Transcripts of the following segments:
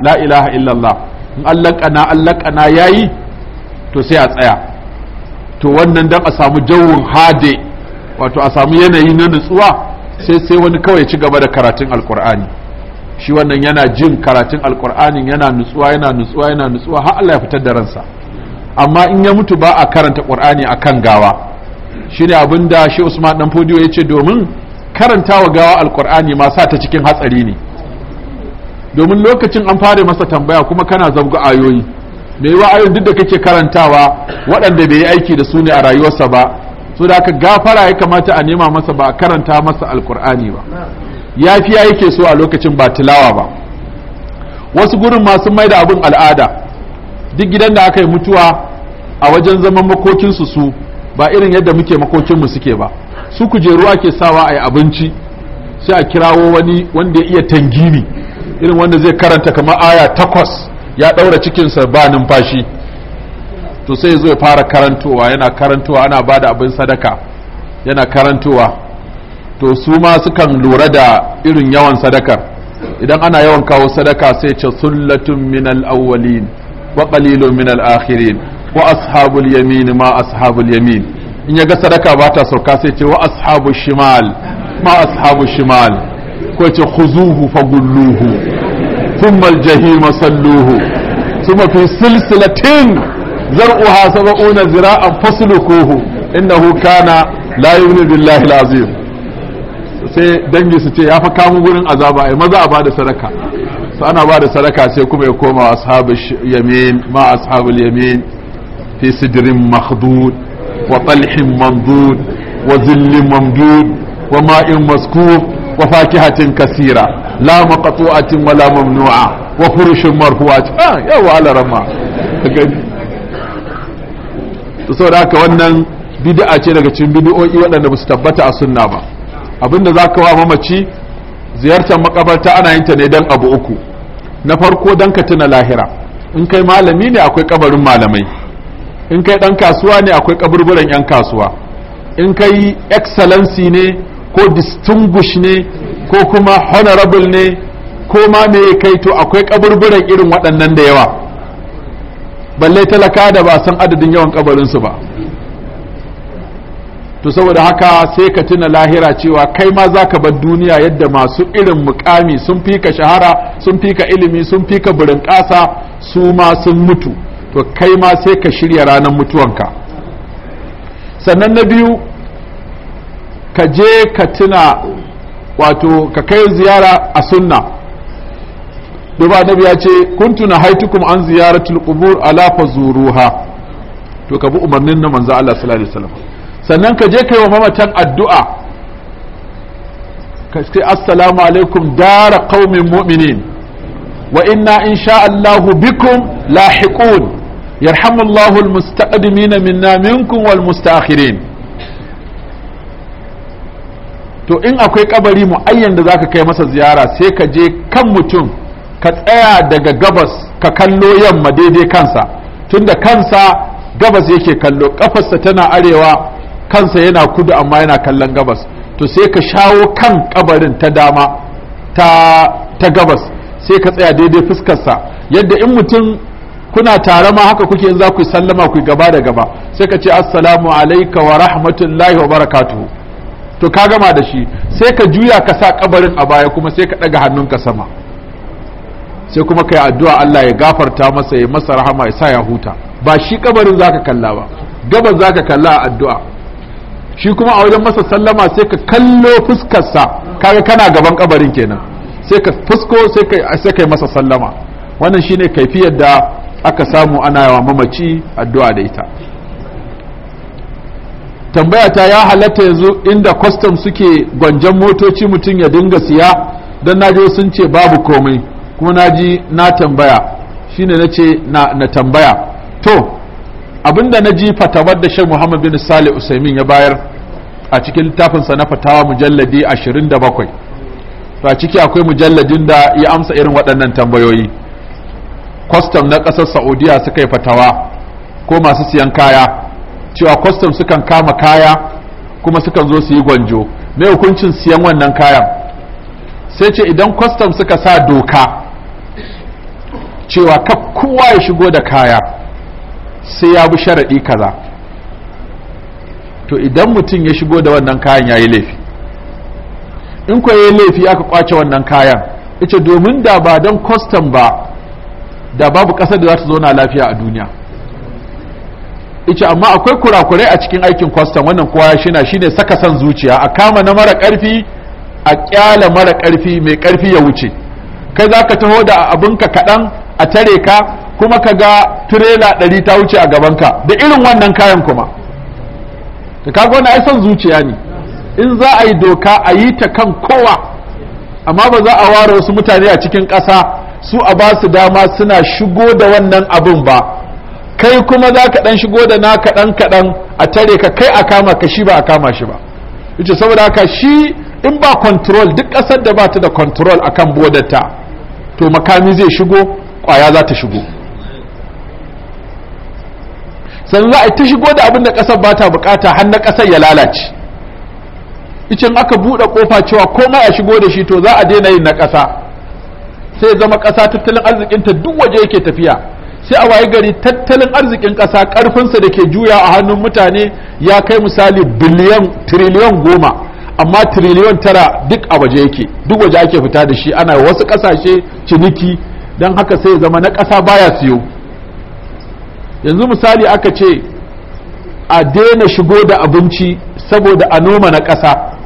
la ilaha illallah in Allah kana Allah kana yayi to sai a tsaya to wannan dan a samu jawun hade wato a samu yanayi na nutsuwa sai sai wani kawai ci gaba da karatun alqur'ani shi wannan yana jin karatun alqur'anin yana nutsuwa yana nutsuwa yana nutsuwa har Allah ya fitar da ransa amma in ya mutu ba a karanta qur'ani akan gawa shi abin da shi Usman dan Fodiyo ce domin karantawa gawa alkur'ani ma sa ta cikin hatsari ne domin lokacin an fara masa tambaya kuma kana zabga ayoyi mai yiwa ayoyin duk da kake karantawa waɗanda bai yi aiki da su ne a rayuwarsa ba so da aka gafara ya kamata a nema masa ba a karanta masa alkur'ani ba yafiya yake so a lokacin ba tilawa ba wasu gurin masu mai da abin al'ada duk gidan da aka yi mutuwa a wajen zaman makokinsu su ba irin yadda muke makokinmu suke ba su kujeru ke sawa a yi abinci sai a kirawo wani wanda ya iya tangini irin wanda zai karanta kamar aya takwas ya ɗaura cikinsa ba numfashi to sai zai fara karantowa yana karantowa ana ba da abin sadaka yana karantowa to su ma sukan lura da irin yawan sadakar idan ana yawan kawo sadaka sai ce sullatun minal awwalin wa qalilun minal akhirin wa ashabul yamin ma ashabul yamin in ya ga sadaka ba ta sauka sai ce wa ashabul shimal ma ashabul shimal ko ce khuzuhu fagulluhu thumma aljahim salluhu thumma fi silsilatin zar'uha sab'una zira'an fasluquhu innahu kana la yu'minu billahi alazim sai dangi su ce ya fa kamu gurin azaba ai maza a bada sadaka su ana bada sadaka sai kuma ya koma ashabul yamin ma ashabul yamin fi sidrin makhdud wa talhin mamdud wa zillin mamdud wa ma'in maskub La وفاكهة كثيرة لا wa furushin ممنوعة وفرش مرفوعة آه يا وعلى رما da ka wannan bid'a ce daga cikin bid'o'i waɗanda basu tabbata a sunna ba abinda zaka wa mamaci ziyartar makabarta ana yin ta ne dan abu uku na farko dan ka tuna lahira in kai malami ne akwai kabarin malamai in kai dan kasuwa ne akwai kaburburan yan kasuwa in kai excellency ne ko distinguish ne ko kuma honorable ne ko ma me kai to akwai kaburburan irin waɗannan da yawa balle talaka da ba san adadin yawan kabarinsu ba to saboda haka sai ka tuna lahira cewa kai ma za ka bar duniya yadda masu irin mukami sun fi ka shahara sun fi ka ilimi sun fi ka burin ƙasa su ma sun mutu to kai ma sai ka shirya ranar mutuwanka sannan na biyu ka je ka tuna wato ka kai ziyara a sunna duba nabi ya ce kuntu na haitukum an ziyaratul qubur ala zuruha. to ka bi umarnin na manzo Allah sallallahu alaihi wasallam sannan ka je kai wa mamatan addu'a ka ce assalamu alaikum dara qaumin mu'minin wa inna insha Allah bikum lahiqun yarhamullahu almustaqdimina minna minkum wal mustaakhirin to in akwai kabari mu'ayyan da zaka kai masa ziyara sai ka je kan mutum ka tsaya daga gabas ka kallo yamma daidai kansa tunda kansa gabas yake kallo kafarsa tana arewa kansa yana kudu amma yana kallon gabas to sai ka shawo kan kabarin ta dama ta, ta gabas sai ka tsaya daidai fuskarsa yadda in mutum kuna tare ma haka kuke in za ku sallama ku gaba da gaba sai ka ce assalamu alaika wa rahmatullahi wa barakatuhu to ka gama da shi sai ka juya ka sa kabarin a baya kuma sai ka daga ka sama sai kuma ka yi addu'a Allah ya gafarta masa ya masa rahama ya sa ya huta ba shi kabarin zaka kalla ba gaban zaka kalla a addu'a shi kuma a wajen masa sallama sai ka kallo fuskarsa kaga kana gaban kabarin kenan sai ka fusko sai ka sai masa sallama wannan shine kaifiyar da aka samu ana yawa mamaci addu'a da ita tambaya ta ya halatta yanzu inda kwastam suke gwanjan motoci mutum ya dinga siya don na je sun ce babu komai kuma na ji na tambaya shi ne na ce na tambaya to abinda na ji fatawar da shan Muhammad bin sali Usaimin ya bayar a cikin littafinsa na fatawa mujalladi 27 to a ciki akwai mujalladin da ya amsa irin waɗannan tambayoyi kwastam na ƙasar Saudiya suka yi fatawa ko masu siyan kaya cewa kwastam sukan kama kaya kuma sukan zo su yi gwanjo Mai hukuncin siyan wannan kayan sai ce idan kwastam suka sa doka cewa kaf kowa ya shigo da kaya sai ya bi sharaɗi kaza to idan mutum ya shigo da wannan kayan ya yi laifi in ko ya yi laifi aka kwace wannan kayan ita domin da ba don kwastam ba da babu ƙasar da za ta zauna lafiya a duniya ice amma akwai kurakurai a cikin aikin kwastam wannan kowa shina shine saka san zuciya a kama na mara karfi a kyala mara karfi mai karfi ya wuce kai zaka taho da abinka kaɗan a tare ka kuma ka ga tirela ɗari ta wuce a gaban ka da irin wannan kayan kuma ta kaga wani ai son zuciya ne in za a yi doka a yi ta kan kowa amma ba za a ware wasu mutane a cikin ƙasa su a ba su dama suna shigo da wannan abin ba kai kuma za ka ɗan shigo da na kaɗan kaɗan a tare ka kai a kama ka shi ba a kama shi ba yace saboda haka shi in ba control duk ƙasar da ba ta da control akan ta to makami zai shigo ƙwaya za ta shigo sannan za a ta shigo da abin da ƙasar ba ta bukata har na ƙasar ya lalace icin aka buɗe ƙofa cewa komai a shigo da shi to za a daina yin na ƙasa sai zama ƙasa tattalin arzikinta duk waje yake tafiya sai a waye gari tattalin arzikin ƙasa ƙarfinsa da ke juya a hannun mutane ya kai misali biliyan tiriliyon goma amma tiriliyon tara duk a waje yake duk waje ake fita da shi ana wasu ƙasashe ciniki don haka sai zama na ƙasa baya siyo yanzu misali aka ce a daina shigo da abinci saboda a noma na ƙasa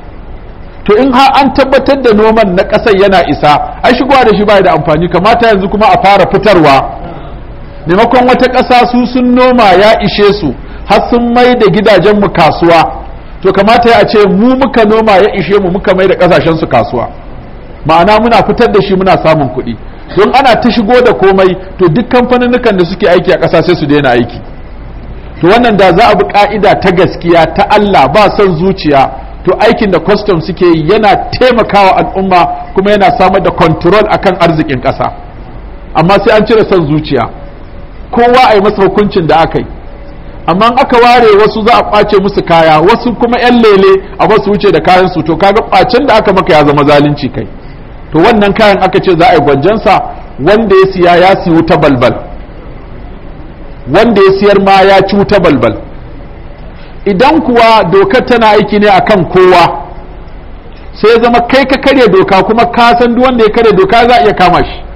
to in har an tabbatar da noman na ƙasar yana isa ai shigowa da shi baya da amfani kamata yanzu kuma a fara fitarwa maimakon wata ƙasa su sun noma ya ishe su har sun mai da gidajenmu kasuwa to kamata ya ce mu muka noma ya ishe mu muka mai da ƙasashen su kasuwa ma'ana muna fitar da shi muna samun kuɗi don ana ta shigo da komai to duk kamfaninnukan da suke aiki a ƙasa sai su daina aiki to wannan da za a bi ka'ida ta gaskiya ta Allah ba son zuciya to aikin da kwastam suke yi yana taimakawa al'umma kuma yana samar da control akan arzikin ƙasa amma sai an cire son zuciya kowa a yi masa hukuncin da aka yi amma aka ware wasu za a kwace musu kaya wasu kuma yan lele a basu wuce da kayan su to kaga ƙwacen da aka maka ya zama zalunci kai to wannan kayan aka ce za a yi gwanjansa wanda ya siya ya siyu ta balbal wanda ya siyar ma ya ci wuta balbal idan kuwa dokar tana aiki ne akan kowa sai zama kai ka karya doka kuma ka san duk wanda ya karya doka za a iya kama shi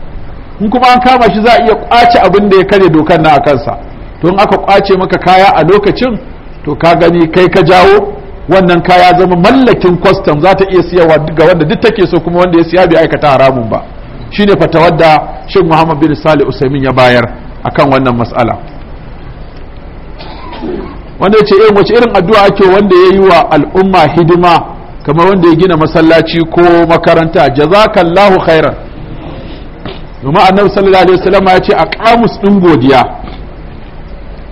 in kuma an kama shi za a iya kwace abin da ya kare dokar na a kansa to in aka kwace maka kaya a lokacin to ka gani kai ka jawo wannan kaya zama mallakin kwastam za ta iya siyawa ga wanda duk take so kuma wanda ya siya bai aikata haramun ba shine fatawar da Sheikh Muhammad bin Salih Usaimin ya bayar akan wannan mas'ala wanda yace eh wace irin addu'a ake wanda ya yi wa al'umma hidima kamar wanda ya gina masallaci ko makaranta jazakallahu khairan domin annabi sallallahu alaihi wasallam ya ce a kamus din godiya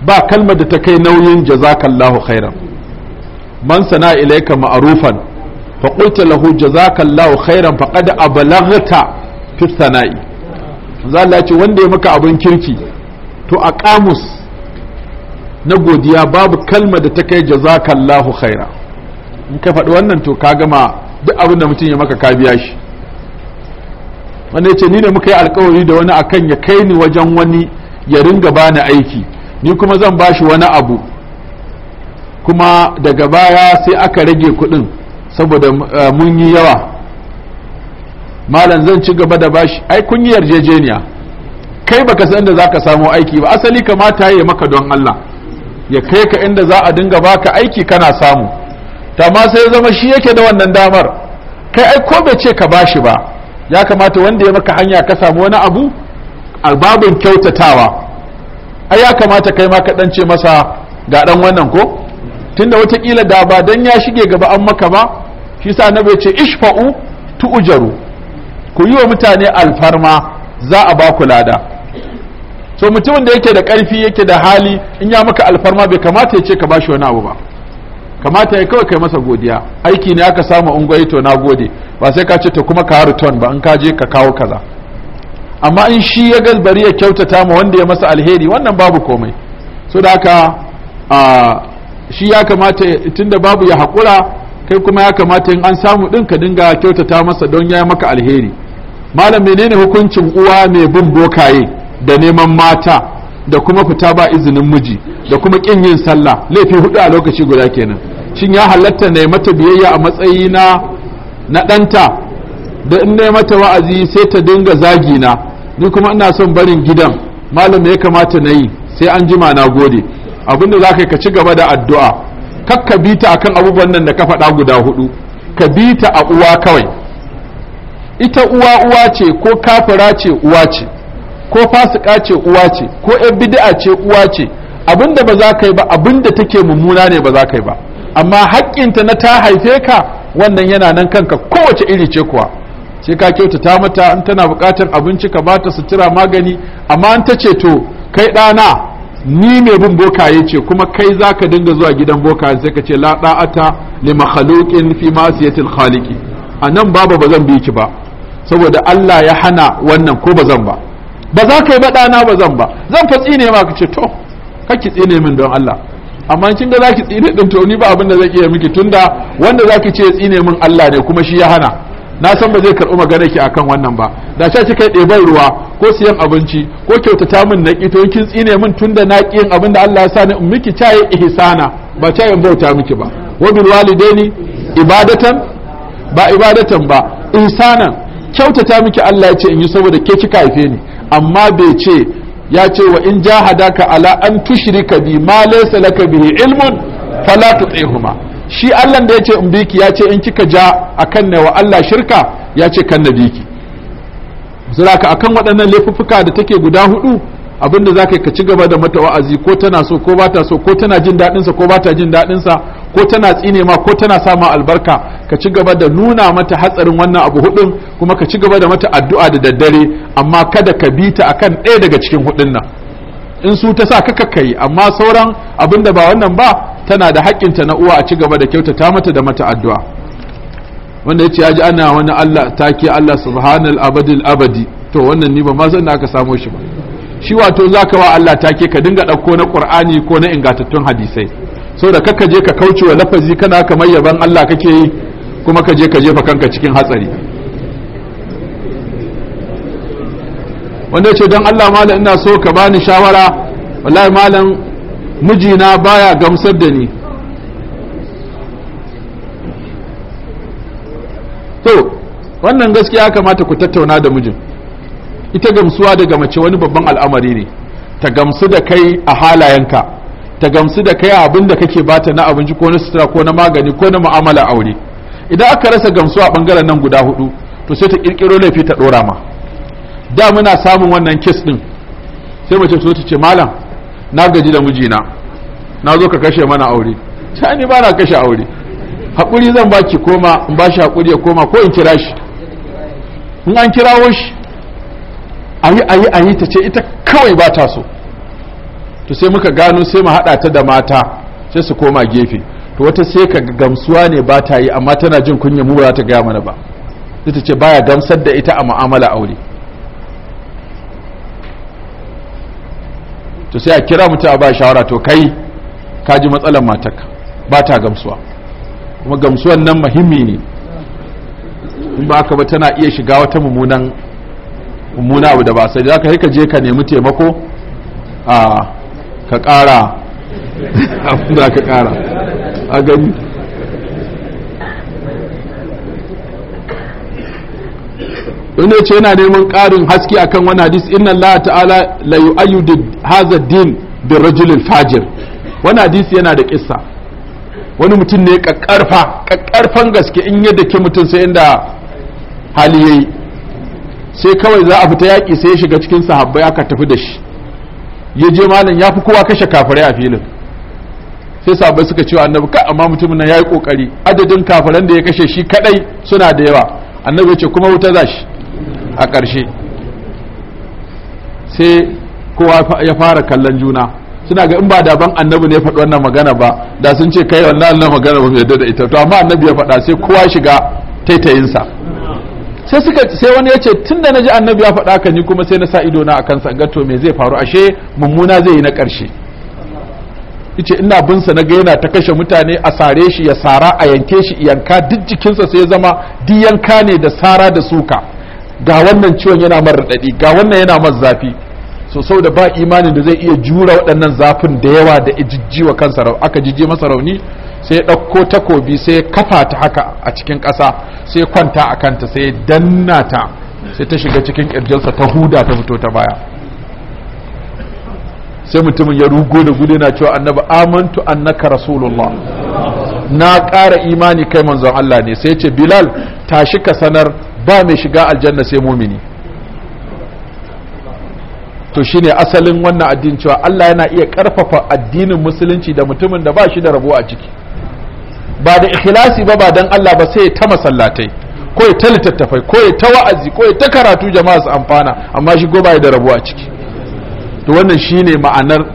ba kalmar da ta kai nauyin jazakallahu khairan man sana ilayka ma'rufan fa qulta lahu jazakallahu khairan faqad ablaghta fi sana'i manzo Allah ce wanda ya maka abin kirki to a kamus na godiya babu kalmar da ta kai jazakallahu khaira in ka faɗi wannan to ka gama duk abin da mutum ya maka ka biya shi wanda ya ce ni ne muka yi alkawari da wani akan ya kai ni wajen wani ya ringa bani aiki ni kuma zan bashi wani abu kuma daga baya sai aka rage kuɗin saboda eh, mun yi yawa malam zan ci gaba da bashi ai kun yi yarjejeniya kai baka san da zaka samu aiki ba asali kamata ya maka don Allah ya kai ka inda za a dinga baka aiki kana samu ta ma sai zama shi yake da wannan damar kai ai ko bai ce ka bashi ba ya kamata wanda ya maka hanya ka samu wani abu albabin kyautatawa ai ya kamata kai ma ka dan ce masa ga dan wannan ko tunda watakila da ba dan ya shige gaba an maka ba shi sa annabi ya ce ishfa'u tu'jaru ku yi wa mutane alfarma za a ba ku lada so mutumin da yake da karfi yake da hali in ya maka alfarma bai kamata ya ce ka ba shi wani abu ba kamata ya kawai kai masa godiya aiki ne aka samu eh to na gode ba sai ka ce to kuma ka return ba in ka je ka kawo kaza amma in shi ya galbari ya kyautata ma wanda ya masa alheri wannan babu komai so da haka shi ya kamata tunda babu ya hakura kai kuma ya kamata in an samu din ka dinga kyautata masa don ya maka alheri malam menene hukuncin uwa mai bin bokaye da neman mata da kuma fita ba izinin miji da kuma ƙin yin sallah laifi hudu a lokaci guda kenan shin ya halatta na mata biyayya a matsayi na na ɗanta da in ne mata wa'azi sai ta dinga zagi na ni kuma ina son barin gidan malam ya kamata na yi sai an jima na gode abin da za ka yi ka ci gaba da addu'a kak ka bi ta akan abubuwan nan da ka faɗa guda hudu ka bi ta a uwa kawai ita uwa uwa ce ko kafira ce uwa ce ko fasika ce uwa ce ko yan bid'a ce uwa ce abin da ba za ka yi ba abin da take mummuna ne ba za ka yi ba amma haƙƙinta na ta haife ka wannan yana nan kanka kowace iri ce kuwa sai ka kyautata mata in tana buƙatar abinci ka bata sutura magani amma an ta ce to kai ɗana ni mai bin bokaye ce kuma kai za ka dinga zuwa gidan bokaye sai ka ce la da'ata li makhluqin fi masiyatil khaliqi a nan babu ba zan bi ki ba saboda Allah ya hana wannan ko ba zan ba ba za ka yi ba ɗana ba zan ba zan fa tsine ma ka ce to kake tsine min don Allah amma kin da zaki tsine din to ni ba abin da zai iya miki tunda wanda zaki ce tsine min Allah ne kuma shi ya hana na san ba zai karɓi magana ki akan wannan ba da sha kika ɗeban ruwa ko siyan abinci ko kyautata min na to kin tsine min tunda na ƙi yin abin da Allah ya sa ni miki caye ihsana ba caye in bauta miki ba wa bil walidaini ibadatan ba ibadatan ba ihsana kyautata miki Allah ya ce in yi saboda ke kika haife ni amma bai ce ya ce wa in jahadaka ala an tushrika bi ma laysa laka bihi ilmun fala tu'ihuma shi Allah da yace in biki ya ce in kika ja akan ne wa Allah shirka ya ce kan nabiki zuraka akan waɗannan laifuffuka da take guda hudu abinda zaka ka ci gaba da mata wa'azi ko tana so ko bata so ko tana jin daɗinsa sa ko bata jin daɗinsa. ko tana tsine ma ko tana sa albarka ka ci gaba da nuna mata hatsarin wannan abu hudun kuma ka ci gaba da mata addu'a da daddare amma kada ka bi ta akan ɗaya daga cikin hudun nan in su ta sa kaka kai amma sauran abin da ba wannan ba tana da haƙƙinta na uwa a ci gaba da kyautata mata da mata addu'a wanda ya ce ya ji ana wani Allah take Allah subhanal abadil abadi to wannan ni ba ma zan aka samo shi ba shi wato zaka wa Allah take ka dinga ɗauko na Qur'ani ko na ingantattun hadisai so da kakka je ka kauce wa lafazi kana kamar yaban Allah kake yi kuma ka je ka jefa kanka cikin hatsari wanda ce don Allah malam ina so ka bani shawara wallahi malam mijina baya gamsar da ni to wannan gaskiya kamata ku tattauna da mijin ita gamsuwa daga mace wani babban al'amari ne ta gamsu da kai a halayenka ta gamsu da kai abin da kake bata na abinci ko na sutura ko na magani ko na mu'amala aure idan aka rasa gamsu a bangaren nan guda hudu to sai ta kirkiro laifi ta dora ma da muna samun wannan kes din sai mace ta ce malam na gaji da mijina na zo ka kashe mana aure ta ni ba na kashe aure hakuri zan baki koma in ba shi hakuri ya koma ko in kira shi in an kirawo shi ayi ayi ayi ta ce ita kawai ba ta so to sai muka gano sai mu haɗa ta da mata sai su koma gefe to wata sai ka gamsuwa ne ba ta yi amma tana jin kunya mu ba ta gaya mana ba ita ce baya gamsar da ita a mu'amala aure to sai a kira mutum a ba shawara to kai ka ji matsalar matarka ba ta gamsuwa kuma gamsuwan nan muhimmi ne in ba haka ba tana iya shiga wata mummunan mummuna abu da ba sai da ka je ka nemi taimako a ka ƙara a ka ƙara a gani wanda ce yana neman ƙarin haske akan wani hadis inna Allah ta'ala la yu'ayyidu hadha din bi rajulil fajir wani hadisi yana da kissa wani mutum ne kakkarfa kakkarfan gaske in yadda ke mutum sai inda hali yayi sai kawai za a fita yaƙi sai ya shiga cikin sahabbai aka tafi da shi ya je malam ya fi kowa kashe kafirai a filin sai sabai suka cewa annabi ka amma mutumin nan yayi kokari adadin kafiran da ya kashe shi kadai suna da yawa annabi ya ce kuma wuta za shi a ƙarshe sai kowa ya fara kallon juna suna ga in ba da ban annabi ne faɗi wannan magana ba da sun ce kai wannan magana ba mai da ita to amma annabi ya faɗa sai kowa shiga taitayinsa sai suka sai wani ya ce tun da na ji annabi ya faɗa ka ni kuma sai na sa ido na akan sa ga to me zai faru ashe mummuna zai yi na ƙarshe yace ina bin sa na ga yana ta kashe mutane a sare shi ya sara a yanke shi yanka duk jikinsa sai ya zama duk yanka ne da sara da suka ga wannan ciwon yana mar raɗaɗi ga wannan yana mar zafi so da ba imanin da zai iya jura waɗannan zafin da yawa da ijijjiwa kansa aka jijje masa rauni sai ɗauko takobi sai kafa ta haka a cikin ƙasa sai kwanta a kanta sai danna ta sai ta shiga cikin ƙirjinsa ta huda ta fito ta baya sai mutumin ya rugo da gudu na cewa annabi amantu annaka rasulullah na ƙara imani kai manzon Allah ne sai ce bilal tashi ka sanar ba mai shiga aljanna sai mumini to shine asalin wannan addini cewa Allah yana iya ƙarfafa addinin musulunci da mutumin da ba shi da rabo a ciki ba da ikhlasi ba ba dan Allah ba sai ya ta masallatai ko ya ta littattafai ko ya ta wa'azi ko ya ta karatu jama'a su amfana amma shi ya da rabuwa ciki to wannan shine ma'anar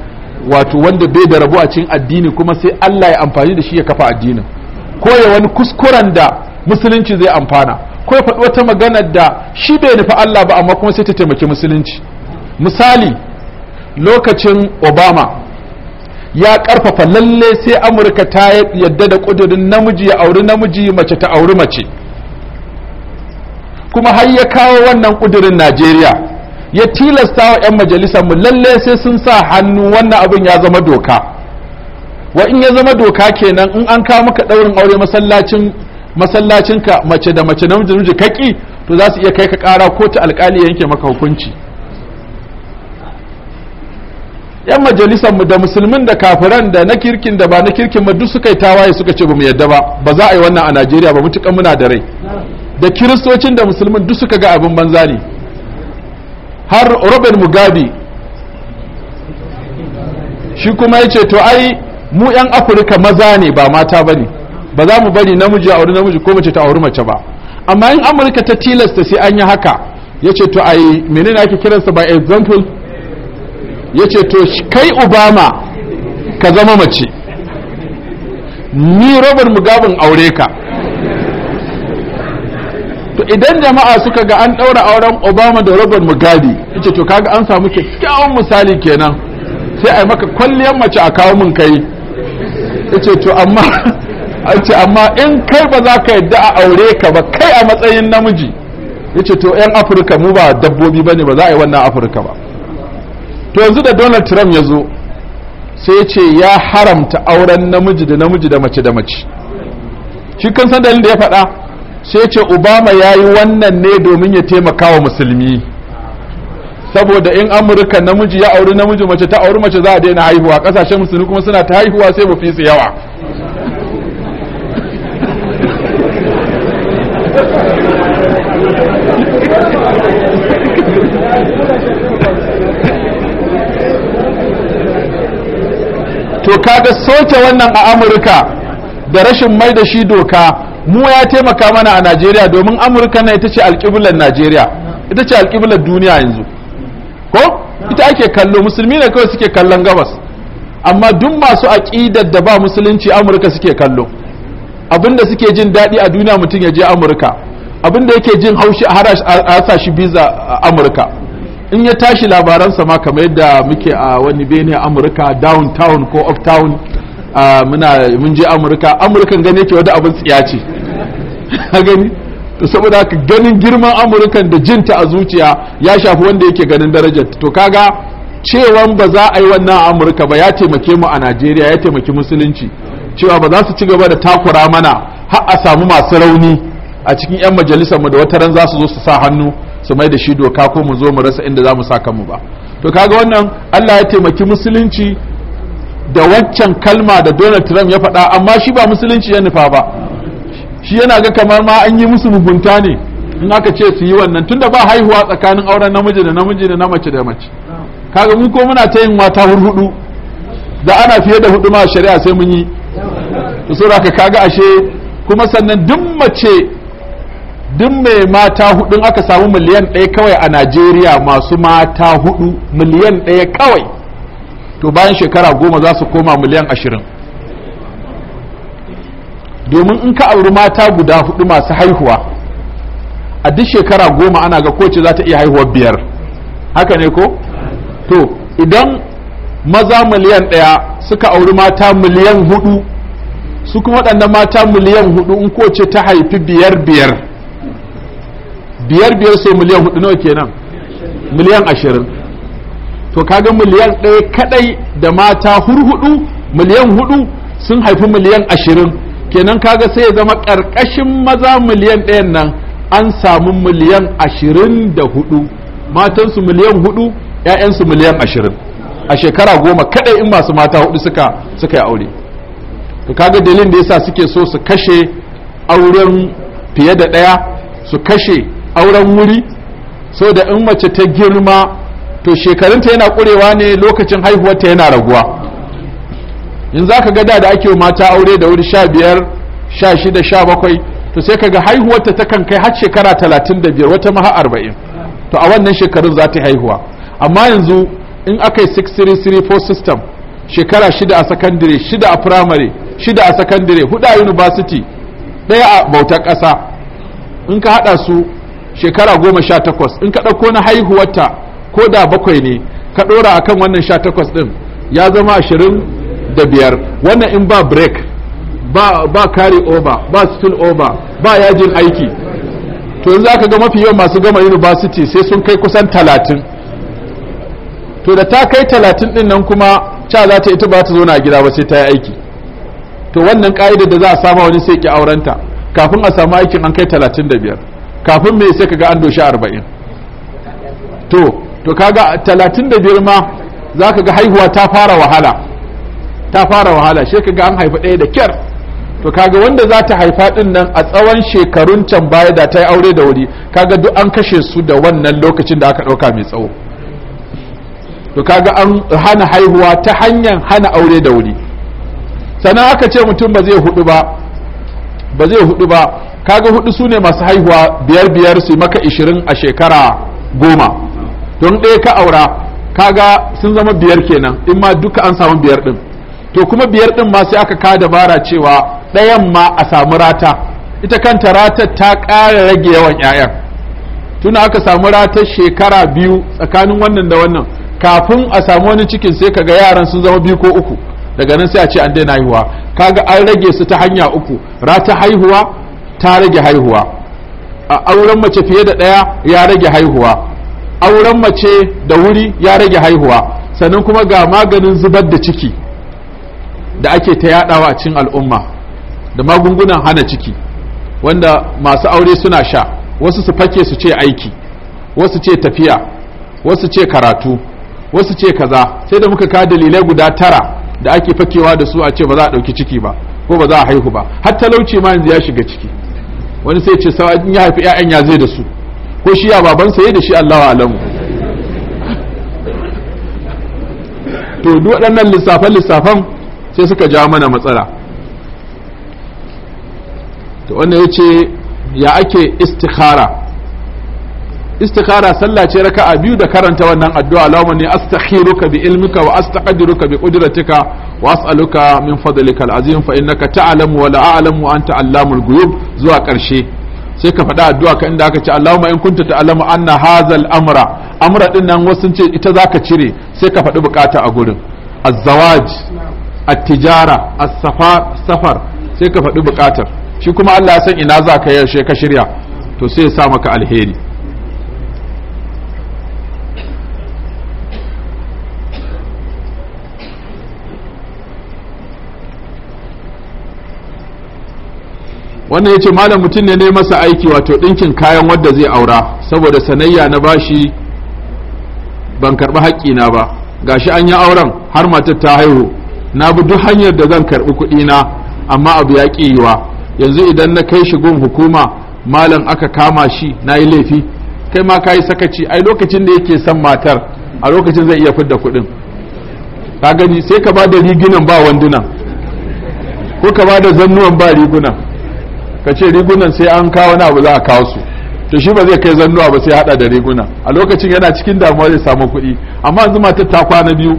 wato wanda bai da rabu a cikin addini kuma sai Allah ya amfani da shi ya kafa addinin ko ya wani kuskuren da musulunci zai amfana ko ya faɗi wata magana da shi bai nufi Allah ba amma kuma sai ta taimaki musulunci misali lokacin Obama ya karfafa lalle sai amurka ta yadda da kudurin namiji ya auri namiji mace ta auri mace kuma har ya kawo wannan kudurin najeriya ya tilasta wa 'yan majalisar mu lalle sai sun sa hannu wannan abin ya zama doka wa in ya zama doka kenan in an kawo maka daurin aure masallacin masallacinka mace da mace namiji namiji kaki to za su iya kai ka kara ko ta alkali yanke maka hukunci yan majalisar mu da musulmin da kafiran da na kirkin da ba na kirkin ma duk suka yi tawaye suka ce mu yadda ba ba za a yi wannan a Najeriya ba mutukan muna da rai da kiristocin da musulmin duk suka ga abin banza ne har Robert Mugabe shi kuma ya ce to ai mu yan Afirka maza ne ba mata ba ne. ba za mu bari namiji a wani namiji ko mace ta auri mace ba amma in Amurka ta tilasta sai an yi haka ya ce to ai menene ake kiransa by example ya ce to kai obama ka zama mace ni robert mugabin aure ka to idan jama'a suka ga an ɗaura auren obama da mugabi ya ce to kaga an samu kyakkyawan misali kenan sai a yi maka kwalliyar mace a kawo mun kai ce to amma ce amma in kai ba za ka yadda a aure ka ba kai a matsayin namiji yace to 'yan afirka mu ba dabbobi ba ne ba za a yi wannan afirka ba to yanzu da donald trump ya zo sai ya ce ya haramta auren namiji da namiji da mace da mace shi kan san dalilin da ya faɗa sai ce obama ya yi wannan ne domin ya taimaka wa musulmi saboda in amurka namiji ya auri namiji mace ta auri mace za a daina haihuwa kasashen musulmi kuma suna ta haihuwa sai mu fi su yawa to kaga soke wannan a amurka da rashin mai da shi doka mu ya taimaka mana a najeriya domin amurka na ita ce alƙiblar najeriya ita ce duniya yanzu ko ita ake kallo musulmi ne kawai suke kallon gabas amma duk masu aƙidar da ba musulunci amurka suke kallo abinda suke jin daɗi a duniya mutum ya je amurka abinda yake jin haushi a harashi biza a amurka in ya tashi labaransa ma kamar yadda muke a wani bene amurka downtown ko uptown muna mun je amurka amurkan gane ke wani abin tsiya ce gani to saboda haka ganin girman amurkan da jinta a zuciya ya shafi wanda yake ganin darajar to kaga cewan ba za a yi wannan a amurka ba ya taimake mu a najeriya ya taimaki musulunci cewa ba za su ci gaba da takura mana har a samu masu rauni a cikin 'yan majalisar mu da wata ran za su zo su sa hannu su mai da shi doka ko mu zo mu rasa inda za mu sa kanmu ba to kaga wannan Allah ya taimaki musulunci da waccan kalma da Donald Trump ya faɗa amma shi ba musulunci ya nufa ba shi yana ga kamar ma an yi musu mugunta ne in aka ce su yi wannan tunda ba haihuwa tsakanin auren namiji da namiji da na mace da mace kaga mu ko muna ta yin wata hurhudu da ana fiye da hudu ma shari'a sai mun yi to saboda kaga ashe kuma sannan duk mace duk mai mata hudu aka samu miliyan ɗaya kawai a najeriya masu mata hudu miliyan ɗaya kawai to bayan shekara goma za su koma miliyan ashirin domin in ka auri mata guda hudu masu haihuwa a duk shekara goma ana ga kowace za ta iya haihuwa biyar haka ne ko to idan maza miliyan ɗaya suka auri mata miliyan hudu su kuma waɗannan mata miliyan hudu in kowace ta haifi biyar biyar biyar biyar sai miliyan hudu nawa kenan miliyan ashirin to kaga miliyan ɗaya kadai da mata hurhudu miliyan hudu sun haifi miliyan ashirin kenan kaga sai ya zama ƙarƙashin maza miliyan ɗayan nan an samu miliyan ashirin da hudu matansu miliyan hudu 'ya'yansu miliyan ashirin a shekara goma kadai in masu mata hudu suka suka yi aure to kaga dalilin da yasa suke so su kashe auren fiye da ɗaya su kashe auren wuri so da in mace ta girma to shekarunta yana kurewa ne lokacin haihuwarta yana raguwa in za ga da da ake mata aure da wuri sha biyar sha shida sha bakwai to sai ga haihuwarta ta kan kai har shekara talatin da biyar wata maha arba'in to a wannan shekarun za ta haihuwa amma yanzu in aka yi 6334 system shekara shida a sakandare shida a firamare shida a sakandire huɗu a university ɗaya a bautar ƙasa in ka haɗa su shekara goma sha takwas in ka ɗauko na haihuwarta ko da bakwai ne ka ɗora akan wannan sha takwas ɗin ya zama ashirin da biyar wannan in ba break ba ba carry over ba spill over ba yajin aiki to yanzu aka ga mafi yawan masu gama university sai sun kai kusan talatin to da ta kai talatin ɗin nan kuma ca za ta ita ba ta zauna a gida ba sai ta yi aiki to wannan ƙa'idar da za a sama wani sai ki aurenta kafin a samu aikin an kai talatin da biyar kafin me sai kaga an doshi arba'in to to kaga talatin da biyar ma za ka ga haihuwa ta fara wahala ta fara wahala shi kaga an haifa ɗaya da kyar to kaga wanda za ta haifa ɗin nan a tsawon shekarun can baya da ta yi aure da wuri kaga duk an kashe su da wannan lokacin da aka ɗauka mai tsawo to kaga an hana haihuwa ta hanyar hana aure da wuri sannan aka ce mutum ba zai hudu ba ba zai hudu ba kaga hudu su ne masu haihuwa biyar biyar su maka ishirin a shekara goma don ɗaya ka aura kaga sun zama biyar kenan in ma duka an samu biyar ɗin to kuma biyar ɗin ma sai aka ka dabara cewa ɗayan ma a samu rata ita kanta ratar ta ƙara rage yawan 'ya'yan tuna aka samu ratar shekara biyu tsakanin wannan da wannan kafin a samu wani cikin sai kaga yaran sun zama biyu ko uku daga nan sai a ce an daina haihuwa kaga an rage su ta hanya uku rata haihuwa ta rage haihuwa a auren mace fiye da ɗaya ya rage haihuwa auren mace da wuri ya rage haihuwa sannan kuma ga maganin zubar da ciki da ake ta yaɗawa a cikin al'umma da magungunan hana ciki wanda masu aure suna sha wasu su fake su ce aiki wasu ce tafiya wasu ce karatu wasu ce kaza sai da muka ka dalilai guda tara da ake fakewa da su a ce ba za a ɗauki ciki ba ko ba za a haihu ba har talauci ma yanzu ya shiga ciki wani sai ce sawa in ya haifi 'ya'yan ya zai da su ko shi ya babansa ya da shi Allahu alamu to duk waɗannan lissafan lissafan sai suka ja mana matsala to wanda ya ce ya ake istikhara istikhara sallah ce raka'a biyu da karanta wannan addu'a Allahumma ne astakhiruka bi ilmika wa astaqdiruka bi qudratika was'aluka min fadlika al'azim fa innaka ta'lamu wa la a'lamu anta allamul ghuyub zuwa karshe sai ka faɗa addu'a ka inda aka ce Allahumma in kunta ta'lamu anna hazal amra amra din nan wasu sun ce ita zaka cire sai ka faɗi bukata a gurin az-zawaj at-tijara as-safar sai ka faɗi bukatar shi kuma Allah ya san ina zaka yaushe ka shirya to sai ya sa maka alheri wannan yace malam mutum ne ne masa aiki wato ɗinkin kayan wanda zai aura saboda sanayya na bashi ban karɓi na ba gashi an yi auren har matar ta haihu na bi duk hanyar da zan karɓi na amma abu ya ƙi yiwa yanzu idan na kai shi gun hukuma malam aka kama shi na yi laifi kai ma ka yi sakaci ai lokacin da yake son matar a lokacin zai iya fidda kuɗin ka gani sai ka ba da rigunan ba wandunan ko ka ba da zannuwan ba rigunan ka ce rigunan sai an kawo wani abu za a kawo su to shi ba zai kai zannuwa ba sai hada da riguna a lokacin yana cikin damuwa zai samu kuɗi amma yanzu mata ta kwana biyu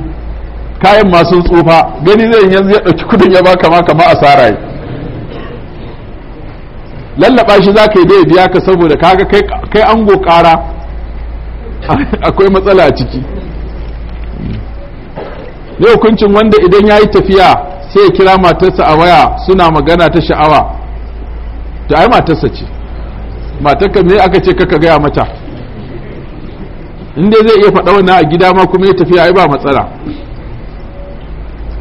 kayan masu tsufa gani zai yanzu ya ɗauki kuɗin ya ba ma kama asara yi lallaba shi za ka yi dai biya ka saboda kaga kai ango ƙara akwai matsala a ciki yau hukuncin wanda idan ya yi tafiya sai ya kira matarsa a waya suna magana ta sha'awa ta ai matarsa ce matarka me aka ce kaka gaya mata inda zai iya faɗa wannan a gida ma kuma ya tafiya ai ba matsala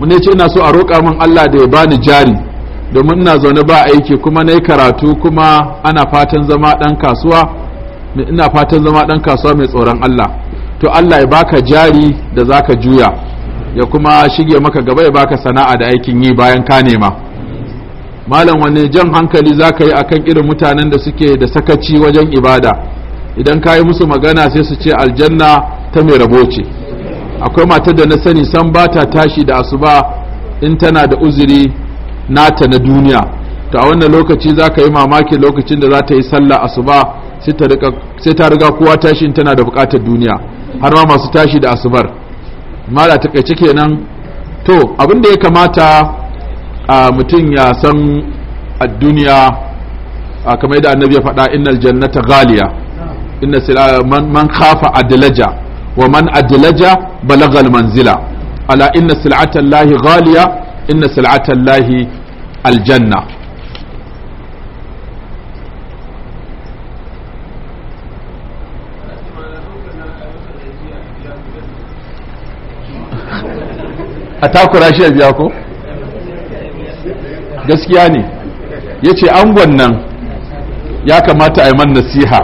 mun ce ina so a roƙa min Allah da ya bani jari domin ina zaune ba aiki kuma na yi karatu kuma ana fatan zama ɗan kasuwa ina fatan zama ɗan kasuwa mai tsoron Allah to Allah ya baka jari da zaka juya ya kuma shige maka gaba ya baka sana'a da aikin yi bayan ka nema malam wanne jan hankali za ka yi a kan irin mutanen da suke da sakaci wajen ibada idan ka yi musu magana sai su ce aljanna ta mai rabo ce akwai matar da na sani san ba ta tashi da asuba in tana da uzuri nata na duniya to a wannan lokaci za ka yi mamaki lokacin da za ta yi sallah asuba sai ta riga kowa tashi in tana da bukatar duniya har ma masu tashi da asubar mala takaice kenan to abin da ya kamata a mutum ya san a duniya a kamar yadda annabi ya faɗa innal jannata ghaliya inna sila man khafa adlaja wa man adlaja balagal manzila ala inna sil'atan lahi ghaliya inna sil'atan lahi aljanna a takura shi ya biya ko? gaskiya ne ya ce angon nan ya kamata a yi man nasiha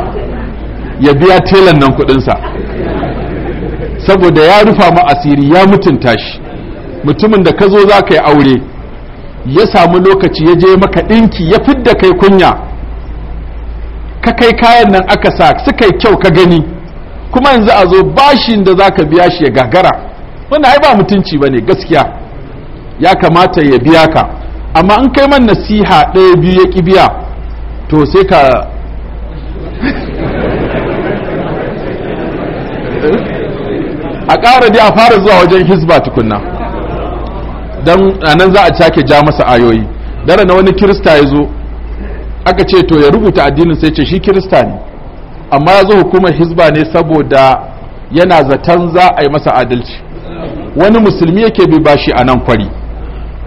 ya biya telan nan kudinsa saboda ya rufa mu asiri ya mutunta shi mutumin da ka zo za ka yi aure ya samu lokaci ya je maka ɗinki ya fidda kai kunya ka kai kayan nan aka sa suka yi kyau ka gani kuma yanzu a zo bashin da za ka biya shi ya gagara wanda ai ba mutunci ba ne gaskiya ya kamata ya biya ka amma an kai man nasiha ɗaya biyu ya ƙi biya to sai ka a ƙara dai a fara zuwa wajen hisba tukunna don nan za a sake ja masa ayoyi dare na wani kirista ya zo aka ce to ya rubuta addinin sai ce shi kirista ne amma ya zo hukumar hisba ne saboda yana zaton za a yi masa adalci wani musulmi yake bi bashi a nan kwari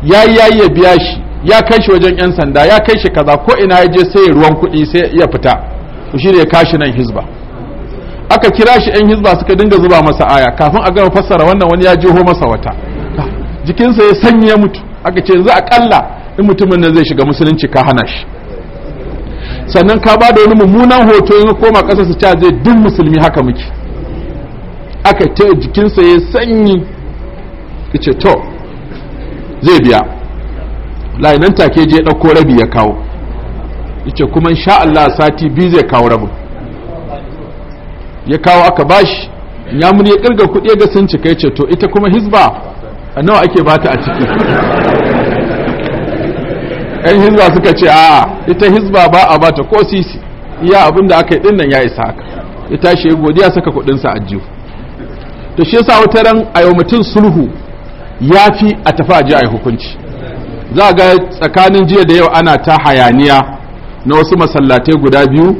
ya yi yayi ya biya shi ya kai shi wajen yan sanda ya kai shi kaza ko ina ya je sai ruwan kuɗi sai ya fita to shi ne kashi nan hizba aka kira shi yan hizba suka dinga zuba masa aya kafin a gama fassara wannan wani ya jeho masa wata ah, jikinsa ya sanya mutu aka ce yanzu akalla in mutumin nan zai shiga musulunci ka hana shi sannan ka ba da wani mummunan hoto yanzu koma ƙasar su ca zai duk musulmi haka muke aka ta jikinsa ya sanyi ce to zai biya layi nan take je ɗauko rabi ya kawo yace kuma insha Allah sati biyu zai kawo rabin ya kawo aka bashi ya muni ya kirga kuɗi ga sun cika yace to ita kuma hizba a nawa ake bata a ciki yan hizba suka ce a ita hizba ba a bata ko sisi iya abin da aka yi dinnan ya isa haka ya tashi ya godiya saka kuɗinsa a jiyo to shi yasa wata ran a yau mutum sulhu ya fi a tafi a ji a yi hukunci za a ga tsakanin jiya da yau ana ta hayaniya na wasu masallatai guda biyu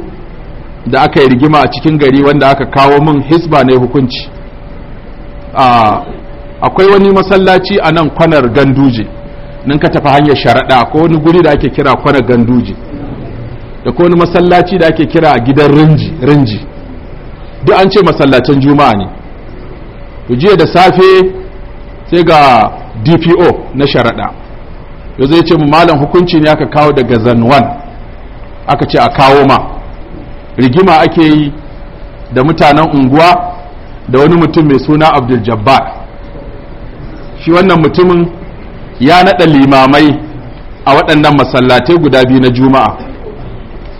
da aka yi rigima a cikin gari wanda aka kawo min hisba na hukunci akwai wani masallaci a nan kwanar ganduje nan ka tafi hanyar sharaɗa ko wani guri da ake kira kwanar ganduje da ko wani masallaci da ake kira gidan rinji rinji duk an ce masallacin juma'a ne jiya da safe sai ga dpo na sharaɗa yanzu ya ce mu malam hukunci ne aka kawo daga zanwan aka ce a kawo ma rigima ake yi da mutanen unguwa da wani mutum mai suna abdul jabbar shi wannan mutumin ya naɗa limamai a waɗannan masallatai guda biyu na juma'a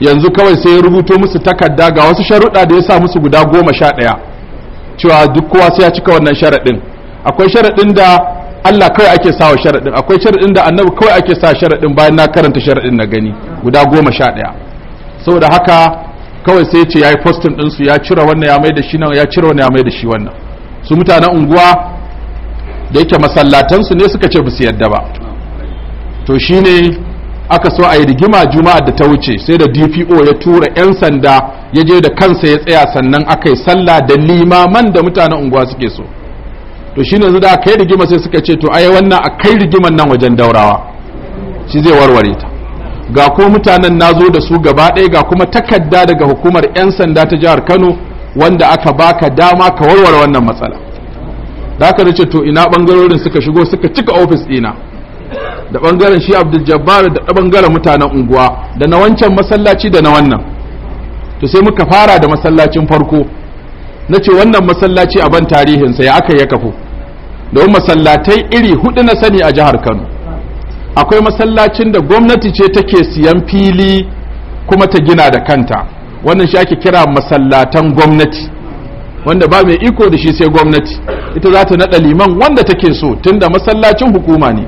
yanzu kawai sai ya rubuto musu takarda ga wasu sharuɗa da ya sa musu guda goma sha ɗaya cewa duk kowa sai ya cika wannan sharaɗin akwai sharaɗin da Allah kawai ake sawa sharaɗin akwai sharaɗin da annabi kawai ake sa sharaɗin bayan na karanta sharaɗin na gani guda goma sha ɗaya saboda haka kawai sai ce ya yi postin ɗinsu ya cire wannan ya mai da shi nan ya cire wannan ya mai da shi wannan su mutanen unguwa da yake masallatansu ne suka ce ba su yadda ba to shine aka so a yi rigima juma'ar da ta wuce sai da dpo ya tura 'yan sanda ya je da kansa ya tsaya sannan aka yi sallah da limaman da mutanen unguwa suke so to shine yanzu da kai rigima sai suka ce to a ai wannan a kai rigiman nan wajen daurawa shi zai warware ta ga ko mutanen na zo da su gaba ɗaya ga kuma takarda daga hukumar 'yan sanda ta jihar kano wanda aka baka dama ka warware wannan matsala da aka da ce to ina ɓangarorin suka shigo suka cika ofis ɗina da ɓangaren shi abdul jabbar da ɓangaren mutanen unguwa da na wancan masallaci da na wannan to sai muka fara da masallacin farko na ce wannan masallaci a ban tarihinsa ya aka ya kafu domin masallatai iri hudu na sani a jihar kano akwai masallacin da gwamnati ce take siyan fili kuma ta gina da kanta wannan shi ake kira masallatan gwamnati wanda ba mai iko da shi sai gwamnati ita za ta naɗa liman wanda take so tunda masallacin hukuma ne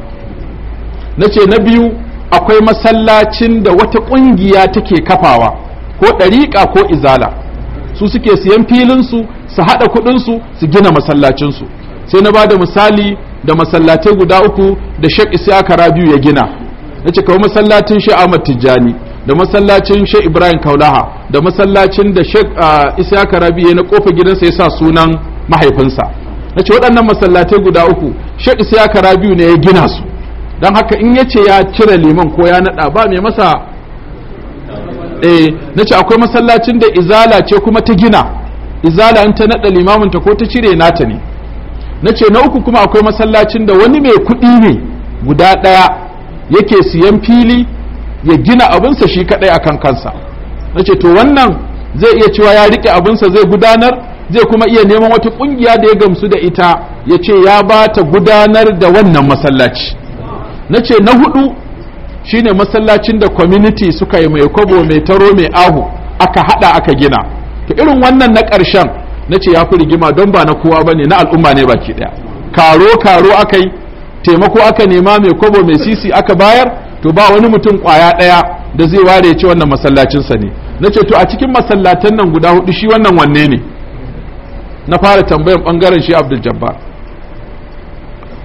na ce na biyu akwai masallacin da wata ƙungiya take kafawa ko ɗariƙa ko izala su suke siyan filinsu su haɗa kuɗinsu su gina masallacinsu sai na bada misali da masallatai guda uku da Sheikh Isiyaka Rabiu ya gina nace kawai masallacin Sheikh Ahmad Tijjani da masallacin Sheikh Ibrahim Kaulaha da masallacin da Sheikh ah, Isiyaka Rabiu na kofa gidansa ya sa sunan mahaifinsa nace waɗannan masallatai guda uku Sheikh Isiyaka Rabiu ne ya gina su Don haka in yace ya cire liman ko ya nada ba mai masa eh nace akwai masallacin da izala ce kuma ta gina izala in ta nada limamin ta ko ta cire nata ne na ce na uku kuma akwai masallacin da wani mai kuɗi ne guda ɗaya yake siyan fili ya gina abinsa shi kaɗai a kan kansa na ce to wannan zai iya cewa ya rike abinsa zai gudanar zai kuma iya neman wata ƙungiya da ya gamsu da ita ya ce ya ba ta gudanar da wannan masallaci na ce na hudu shine masallacin da community suka yi mai kwabo mai taro mai ahu aka hada aka gina to irin wannan na ƙarshen na ce ya fi rigima don ba na kowa ba ne na al'umma ne baki ɗaya karo karo aka yi taimako aka nema mai kobo mai sisi aka bayar to ba wani mutum kwaya ɗaya da zai ware ya ce wannan masallacinsa ne na ce to a cikin masallatan nan guda hudu shi wannan wanne ne na fara tambayan bangaren shi abdul jabbar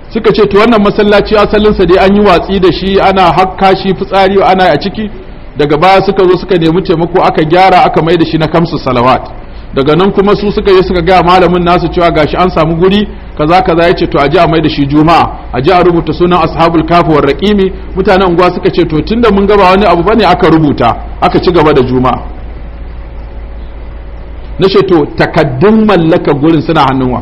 suka ce to wannan masallaci asalinsa dai an yi watsi da shi ana hakka shi fitsari ana a ciki daga baya suka zo suka nemi taimako aka gyara aka mai da shi na kamsu salawat daga nan kuma su suka yi suka gaya malamin nasu cewa gashi an samu guri kaza kaza yace to aje a mai da shi juma'a aje a rubuta sunan ashabul kafi war raqimi mutanen unguwa suka ce to tunda mun gaba wani abu bane aka rubuta aka ci gaba da juma'a na ce to takaddun mallaka gurin suna hannunwa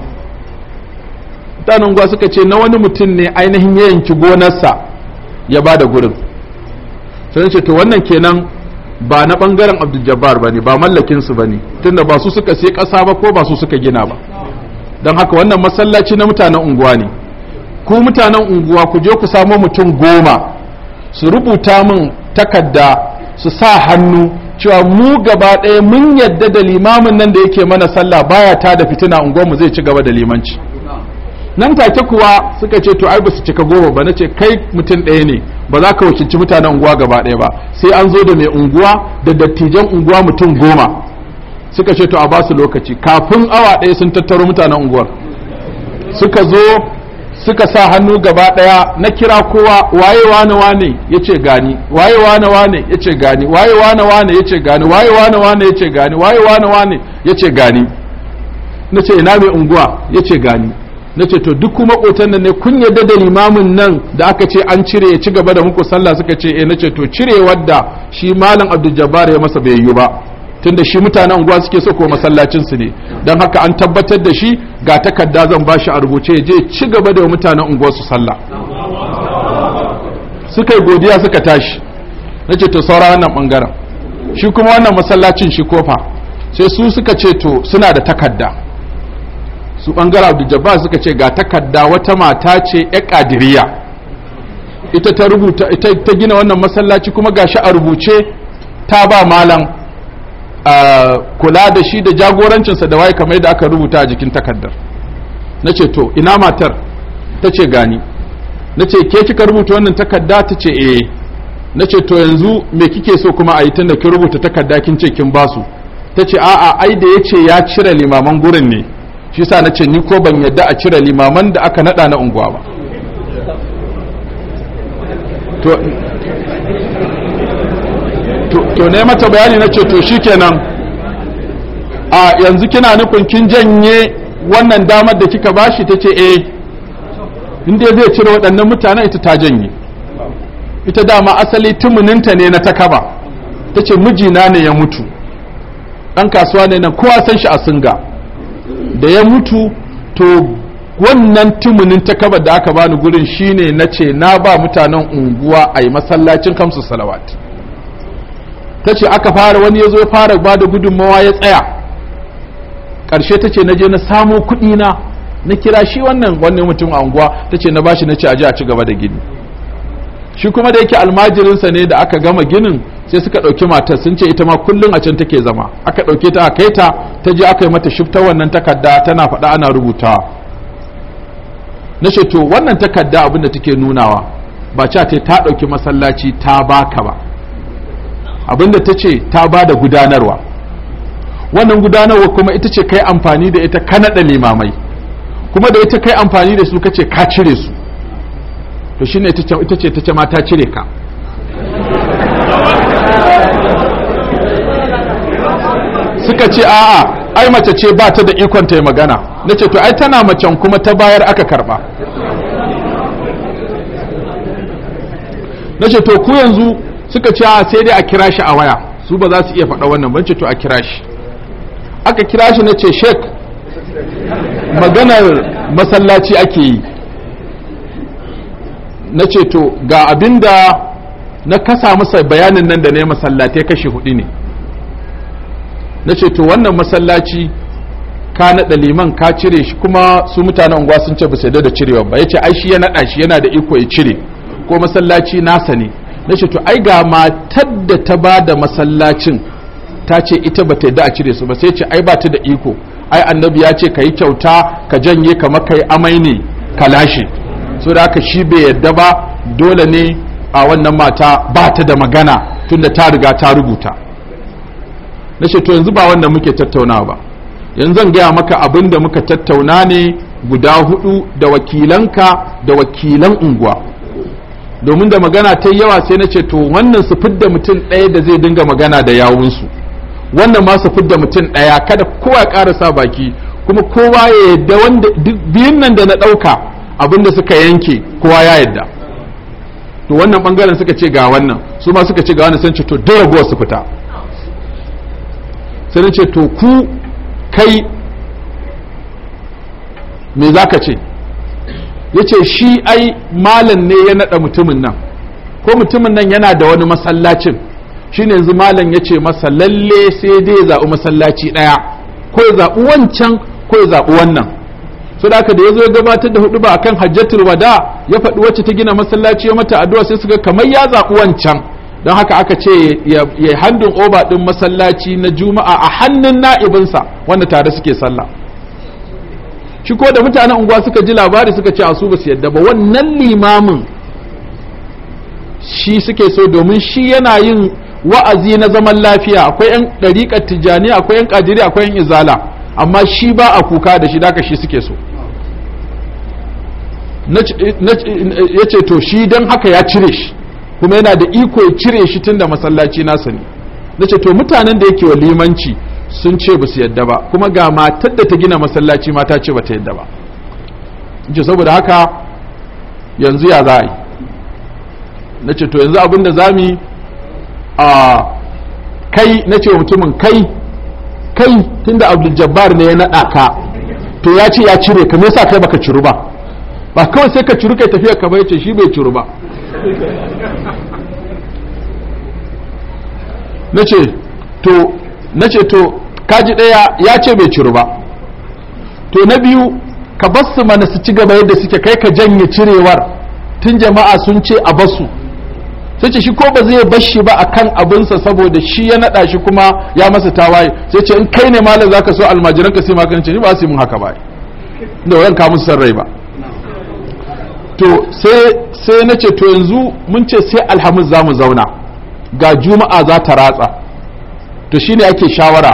mutanen unguwa suka ce na wani mutum ne ainihin ya yanki gonarsa ya bada gurin sai ce to wannan kenan ba na bangaren abdul ba ne ba mallakin su ne tunda ba su suka sai kasa ba ko ba su suka gina ba don haka wannan masallaci na mutanen unguwa ne ku mutanen unguwa ku je ku samo mutum goma su rubuta min takarda su sa hannu cewa mu gaba ɗaya mun yadda da limamin nan da yake mana sallah baya ta da fitina unguwarmu zai ci gaba da limanci nan take kuwa suka ce to ai ba su cika goma ba nace kai mutum ɗaya ne ba za ka wakilci mutanen unguwa gaba ɗaya ba sai an zo da mai unguwa da dattijan unguwa mutum goma suka ce to a ba su lokaci kafin awa ɗaya sun tattaro mutanen unguwar suka zo suka sa hannu gaba ɗaya na kira kowa waye wane wane ya ce gani waye wane wane ya ce gani waye wane wane ya ce gani waye wane wane ya ce gani waye wane wane ya ce gani na ce ina mai unguwa ya ce gani na ce to duk kuma ƙotan nan ne kun yarda da limamin nan da aka ce an cire ya ci gaba da muku sallah suka ce eh na ce to cire da shi malam abdul jabbar ya masa bai yi ba tunda shi mutanen unguwa suke so ko masallacin su ne don haka an tabbatar da shi ga takarda zan ba shi a rubuce ya je ci gaba da mutanen unguwa su sallah suka yi godiya suka tashi na ce to saura wannan bangaren shi kuma wannan masallacin shi kofa sai su suka ce to suna da takarda su bangare abu jabbar suka ce ga takarda wata mata ce ya kadiriya ita ta rubuta ita ta gina wannan masallaci kuma ga shi a rubuce ta ba malam kula da shi da jagorancinsa da waye kamar yadda aka rubuta a jikin takardar na ce to ina matar ta ce gani na ce ke kika rubuta wannan takarda ta ce eh na ce to yanzu me kike so kuma a yi tun da kin rubuta takarda kin ce kin basu ta ce a'a ai da ya ce ya cire limaman gurin ne shi sa na ce ni ko ban yadda a cire limaman da aka nada na unguwa ba to ne mata bayani na ce to shi kenan a yanzu kina nufin kin janye wannan damar da kika bashi ta ce eh. inda zai cire waɗannan mutanen ita ta janye ita dama asali tumuninta ne na takaba ta ce mijina ne ya mutu ɗan kasuwa ne na kowa san shi a singa da ya mutu to wannan tumunin takabar da aka bani gurin shine na ce na ba mutanen unguwa a yi masallacin kamsu salawat ta ce aka fara wani ya zo fara ba da gudunmawa ya tsaya ƙarshe ta ce na je na samo kuɗi na na kira shi wannan wani mutum a unguwa ta ce na bashi na ce a a ci gaba da gini shi kuma da yake almajirinsa ne da aka gama ginin sai suka ɗauki matar sun ce ita ma kullum a can take zama aka ɗauke ta a kai ta ta je aka yi mata shifta wannan takarda tana faɗa ana rubuta na ce wannan takarda abin da take nunawa ba ca ta ta ɗauki masallaci ta ba ka ba abin da ta ce ta ba da gudanarwa wannan gudanarwa kuma ita ce kai amfani da ita ka naɗa limamai kuma da ita kai amfani da su kace ka cire su to shine ita ce ta ce mata cire ka suka ce a'a ai mace ce ba ta da ikon ta yi magana na ce to ai tana macen kuma ta bayar aka karba na ce to ku yanzu suka ce a sai dai a kira shi a waya su ba za su iya faɗa wannan bance to a kira shi aka kira shi na ce shek maganar masallaci ake yi na ce to ga abin da na kasa masa bayanin nan da na yi masallatai kashi hudu ne na ce to wannan masallaci ka naɗa liman ka cire shi kuma su mutanen unguwa sun ce bisa da cirewa ba ya ce ai shi ya naɗa shi yana da iko ya cire ko masallaci nasa ne na ce to ai ga matar da ta ba da masallacin ta ce ita ba ta da a cire su ba sai ce ai ba ta da iko ai annabi ya ce ka yi kyauta ka janye kamar makai amai ne ka lashe so da aka shi bai yadda ba dole ne a wannan mata ba ta da magana tunda ta riga ta rubuta na to yanzu ba wanda muke tattauna ba yanzu zan gaya maka abin da muka tattauna ne guda hudu da wakilanka da wakilan unguwa domin da magana ta yawa sai na ce to wannan su fidda mutum ɗaya da zai dinga magana da yawunsu wannan ma su fidda mutum ɗaya kada kowa ya ƙara sa baki kuma kowa ya yadda wanda biyun nan da na ɗauka abinda suka yanke kowa ya yadda to wannan bangaren suka ce ga wannan su ma suka ce ga wannan sun ce to dole su fita sai ce to ku kai me za ka ce ya ce shi ai malam ne ya naɗa mutumin nan ko mutumin nan yana da wani masallacin shi yanzu malam ya ce masa lalle sai dai ya zaɓi masallaci ɗaya ko ya zaɓi wancan ko ya wannan so da da ya zo gabatar da hudu ba akan hajjatul wada ya faɗi wacce ta gina masallaci ya mata addu'a sai suka kamar ya zaɓi wancan don haka aka ce ya handin oba ɗin masallaci na juma'a a hannun na'ibinsa wanda tare suke sallah shi ko da mutanen unguwa suka ji labari suka ce a su ba su yadda ba wannan limamin shi suke so domin shi yana yin wa'azi na zaman lafiya akwai 'yan ɗariƙar tijjani akwai 'yan ƙadiri akwai 'yan izala amma shi ba a kuka da shi daka shi suke so ya ce to shi don haka ya cire shi kuma yana da iko ya cire shi tun da masallaci nasa ne na ce to mutanen da yake wa limanci sun ce ba su yadda ba kuma ga matar da ta gina masallaci mata ce ba ta yadda ba ce saboda haka yanzu ya za a yi na ce to yanzu abinda za mu yi a kai na ce wa mutumin kai kai tunda abdul jabbar ne ya naɗa ka to ya ce ya cire ka me yasa kai baka ciru ba ba kawai sai ka ciru kai tafiya ka bai ce shi bai ciru ba nace to nace to kaji daya ya ce bai ciru ba to na biyu ka basu mana su ci gaba yadda suke kai ka janye cirewar tun jama'a sun ce a basu sai ce shi ko ba zai bar shi ba akan abinsa saboda shi ya nada shi kuma ya masa tawaye sai ce in kai ne malam zaka so almajiran ka sai ma kan ce ni ba su mun haka ba da wurin ka musu sarrai rai ba to sai sai nace to yanzu mun ce sai alhamis zamu zauna ga juma'a za ta ratsa to shine ake shawara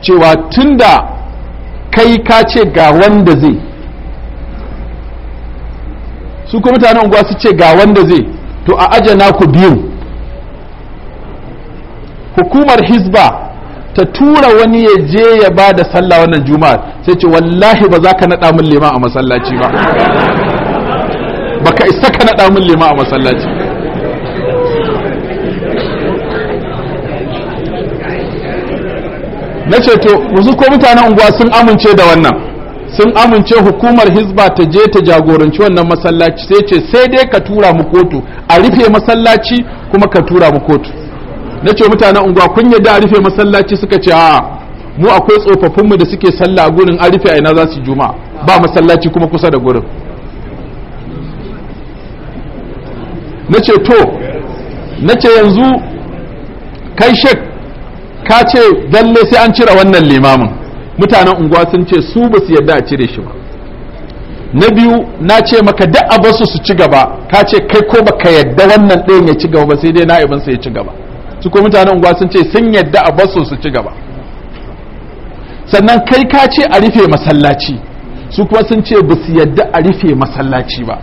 cewa tunda kai ka ce ga wanda zai su kuma mutanen unguwa su ce ga wanda zai to a ajana ku biyu hukumar hizba ta tura wani ya je ya ba da sallah wannan juma'a sai ce wallahi ba za ka naɗa min lima a masallaci ba baka isa ka naɗa min lima a masallaci na ce to yanzu ko mutanen unguwa sun amince da wannan sun amince hukumar hizba ta je ta jagoranci wannan masallaci sai ce sai dai ka tura mu kotu a rufe masallaci kuma ka tura mu kotu na ce mutanen unguwa kun yadda a rufe masallaci suka ce a mu akwai tsofaffinmu da suke sallah a gurin a rufe a'ina ina za su juma'a ba masallaci kuma kusa da gurin na ce to na ce yanzu kai shek ka ce dalle sai an cire wannan limamin mutanen unguwa sun ce su ba su yarda a cire shi ba na biyu na ce maka duk a basu su ci gaba ka ce kai ko baka yarda wannan ɗayan ya ci gaba ba sai dai na'ibin sa ya ci gaba su ko mutanen unguwa sun ce sun yarda a basu su ci gaba sannan kai ka ce a rufe masallaci su kuma sun ce ba su yarda a rufe masallaci ba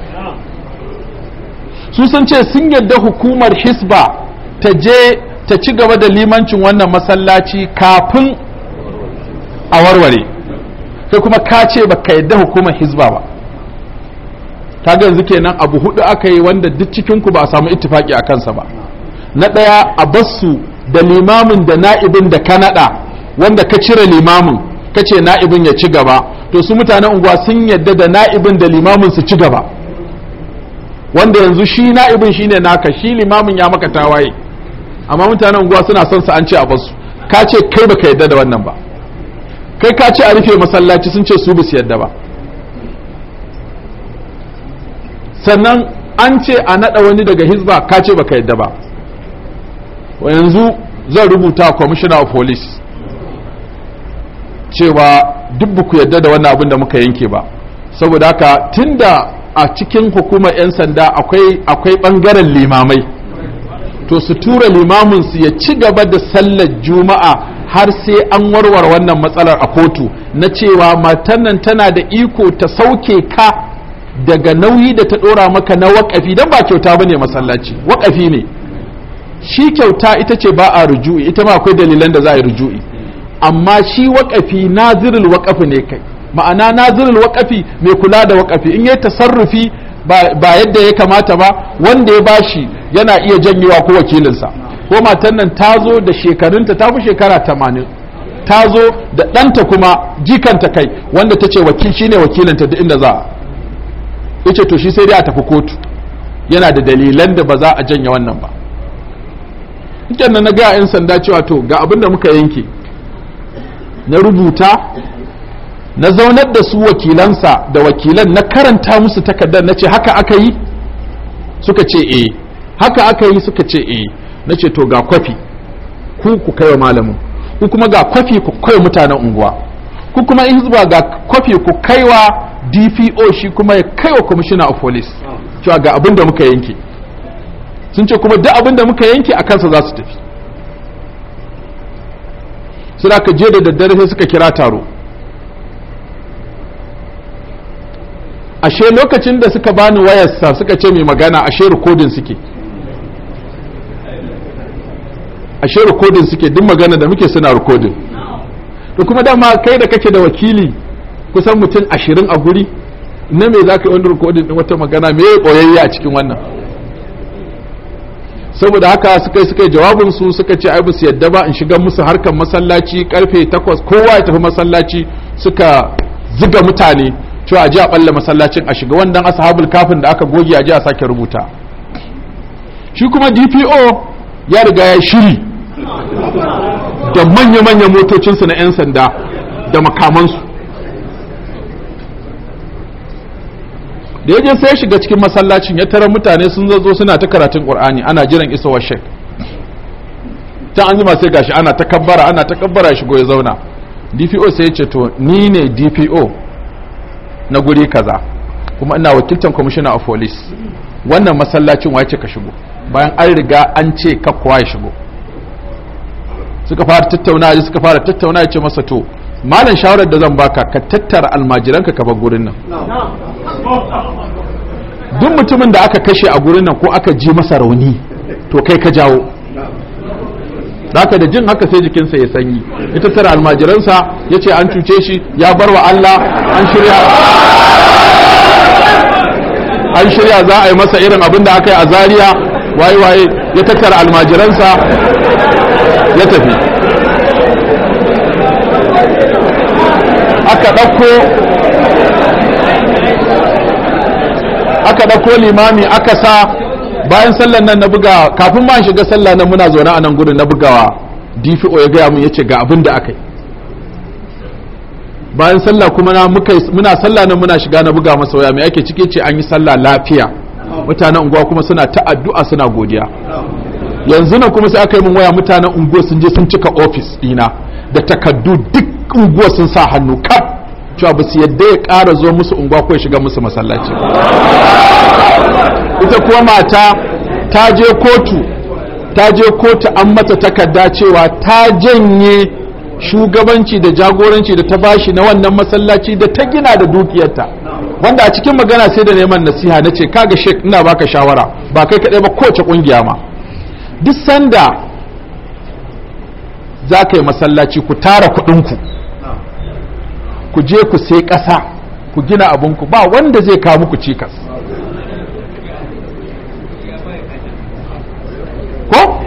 su sun ce sun yarda hukumar hisba ta je ta ci gaba da limancin wannan masallaci kafin a warware sai kuma ka ce ba ka yadda hukumar hizba ba kaga yanzu kenan abu hudu aka yi wanda duk cikinku ba a samu ittifaki a kansa ba na ɗaya a bassu da limamin da na'ibin da ka naɗa wanda ka cire limamin ka ce na'ibin ya ci gaba to su mutanen unguwa sun yadda da na'ibin da limamin su ci gaba wanda yanzu shi na'ibin shine naka shi limamin ya maka tawaye amma mutanen unguwa suna son su an ce a basu ka ce kai baka yadda da wannan ba kai ka ce a rufe masallaci sun ce su bisu yadda ba sannan an ce a naɗa wani daga hizba ka ce baka yadda ba yanzu zan rubuta commissioner of police cewa duk ku yadda da wannan abin da muka yanke ba saboda haka tunda a cikin hukumar 'yan sanda akwai akwai bangaren limamai to su tura limamin su ya ci gaba da sallar juma'a har sai an warware wannan matsalar a kotu na cewa matan nan tana da iko ta sauke ka daga nauyi da ta ɗora maka na waƙafi don ba kyauta ba ne masallaci waƙafi ne shi kyauta ita ce ba a ruju'i ita ma akwai dalilan da za a yi ruju'i amma shi waƙafi nazirul waƙafi ne kai ma'ana nazirul waƙafi mai kula da waƙafi in yayi tasarrufi ba yadda ya kamata ba wanda ya bashi yana iya janyewa ko wakilinsa ko matan nan ta zo da shekarunta ta fi shekara tamanin ta zo da ɗanta kuma jikanta kai wanda ta ce wakil shi ne wakilinta da inda za a to shi sai dai a tafi kotu yana da dalilan da ba za a janye wannan ba nan na ga 'yan sanda cewa to ga abin da muka yanke na rubuta na zaunar da su wakilansa da wakilan na karanta musu takardar na ce haka aka yi suka ce eh haka aka yi suka ce eh na ce to ga kwafi ku ku kai wa malamin ku kuma ga kwafi ku kai mutanen unguwa ku kuma in hizba ga kwafi ku kai wa dpo shi kuma ya kai wa commissioner of police cewa ga abin muka yanke sun ce kuma duk abin da muka yanke a kansa za su tafi su da je da daddare sai suka kira taro ashe lokacin da suka bani wayarsa suka ce mai magana ashe rikodin suke ashe rikodin suke duk magana da muke suna rikodin to kuma dama kai da kake da wakili kusan mutum ashirin a guri na me zaka yi wani rikodin din wata magana me ya a cikin wannan saboda haka suka yi suka yi jawabinsu suka ce ai su yadda ba in shiga musu harkar masallaci karfe 8 kowa ya tafi masallaci suka ziga mutane cewa a ji a ɓalla masallacin a shiga wannan ashabul kafin da aka goge a ji a sake rubuta shi kuma dpo ya riga ya shiri da manya manya motocinsu na 'yan sanda da makamansu da yaje sai shiga cikin masallacin ya tara mutane sun zo suna ta karatun Kur'ani ana jiran isowar shek ta an zuma sai gashi ana takabbara ana takabbara ya shigo ya zauna dpo sai ya ce to ni ne dpo na guri kaza kuma ina wakiltar commissioner of police wannan masallacin wace ka shigo bayan an riga an ce ka ya shigo suka fara tattauna suka fara tattauna ya ce masa to malam shawarar da zan baka ka tattara almajiranka ka bar gurin nan duk mutumin da aka kashe a gurin nan ko aka ji masa rauni to kai ka jawo haka da jin haka sai jikinsa ya sanyi ya tattara almajiransa ya ce an cuce shi ya bar wa Allah an shirya an shirya za a yi masa irin abin da aka yi a Zariya. waye waye ya tattara almajiransa ya tafi aka ɗauko aka ɗauko limami aka sa bayan sallan nan na buga kafin ma shiga sallah nan muna zaune a nan gudun na bugawa dpo ya gaya mun yace ga abin da aka yi bayan sallah kuma na muka muna sallah nan muna shiga na buga masa waya mai ake cike ce an yi sallah lafiya mutanen unguwa kuma suna ta addu'a suna godiya yanzu na kuma sai aka yi min waya mutanen unguwa sun je sun cika ofis dina da takardu duk unguwa sun sa hannu kaf cewa ba su yadda ya ƙara zo musu unguwa ko ya shiga musu masallaci ita kuma mata ta je kotu ta je kotu an mata takarda cewa ta janye shugabanci da jagoranci da ta bashi na wannan masallaci da ta gina da dukiyarta wanda a cikin magana sai da neman nasiha na ce kaga shek ina baka shawara ba kai kaɗai ba kowace ƙungiya ma duk sanda za ka yi masallaci ku tara kuɗin ku je ku sai ƙasa ku gina abinku ba wanda zai kawo muku cikas ko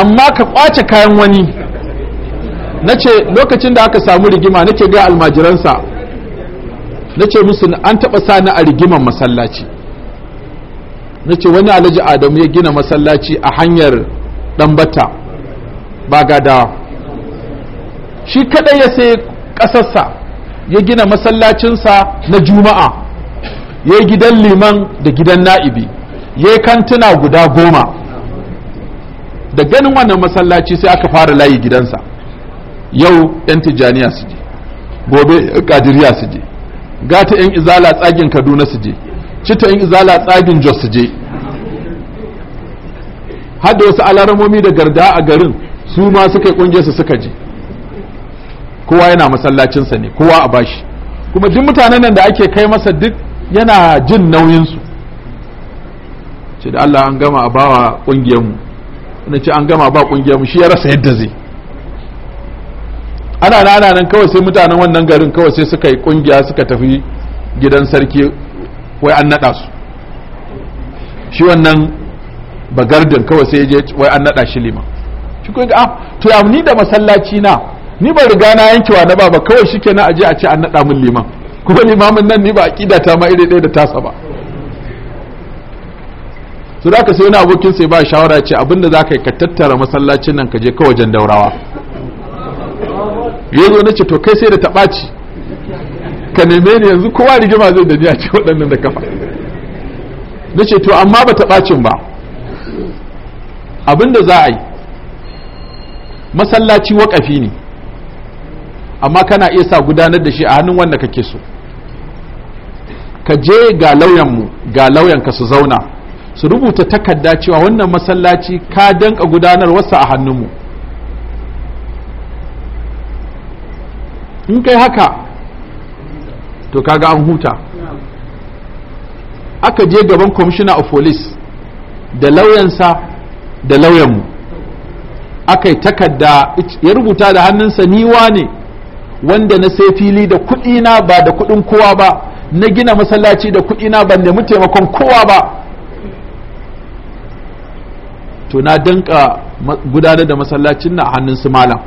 amma ka kwace kayan wani na ce lokacin da aka samu rigima nake ga almajiransa na ce musu an taɓa sani a rigiman masallaci na ce wani alhaji adamu ya gina masallaci a hanyar ɗanbata ba gadawa shi kaɗai ya sai ƙasarsa ya gina masallacinsa na juma'a ya yi gidan liman da gidan na'ibi ya yi kantuna guda goma da ganin wannan masallaci sai aka fara layi gidansa yau 'yan tijjaniya su je gobe kadiriya su je gata 'yan izala tsagin kaduna su je cita in izala tsagin jos je har wasu alaramomi da garda a garin su ma suka yi kungiyar su suka je kowa yana masallacinsa ne kowa a bashi kuma duk mutanen nan da ake kai masa duk yana jin nauyinsu ce da Allah an gama a bawa kungiyarmu na ce an gama ba kungiyarmu shi ya rasa yadda zai ana nan ana nan kawai sai mutanen wannan garin kawai sai suka yi kungiya suka tafi gidan sarki wai an naɗa su shi wannan bagardin kawai sai je wai an naɗa shi liman shi kuma ah to ya ni da masallaci na ni ba riga na yankewa na ba ba kawai ke na aje a ce an naɗa min liman kuma limamin nan ni ba ƙida ta ma iri ɗaya da tasa ba su da ka sai wani abokin sai ba shawara ce abinda za ka yi ka tattara masallacin nan ka je kawai wajen daurawa ya zo na ce to kai sai da taɓaci ka neme ni yanzu kowa rigima zai da ce waɗannan da kafa na ce to amma ba ta ɓacin ba abinda za a yi masallaci waƙafi ne amma kana iya sa gudanar da shi a hannun wanda kake so ka je ga lauyanmu ga lauyanka su zauna su rubuta takarda cewa wannan masallaci ka danka gudanar wasa a hannunmu in kai haka to kaga an huta aka je gaban commissioner of police da lauyansa da lauyanmu aka yi takarda ya rubuta da hannunsa niwa ne wanda na sai fili da kuɗina ba da kuɗin kowa ba na gina masallaci da kuɗina ban nemi taimakon kowa ba to na danka gudanar da masallacin na hannun su malam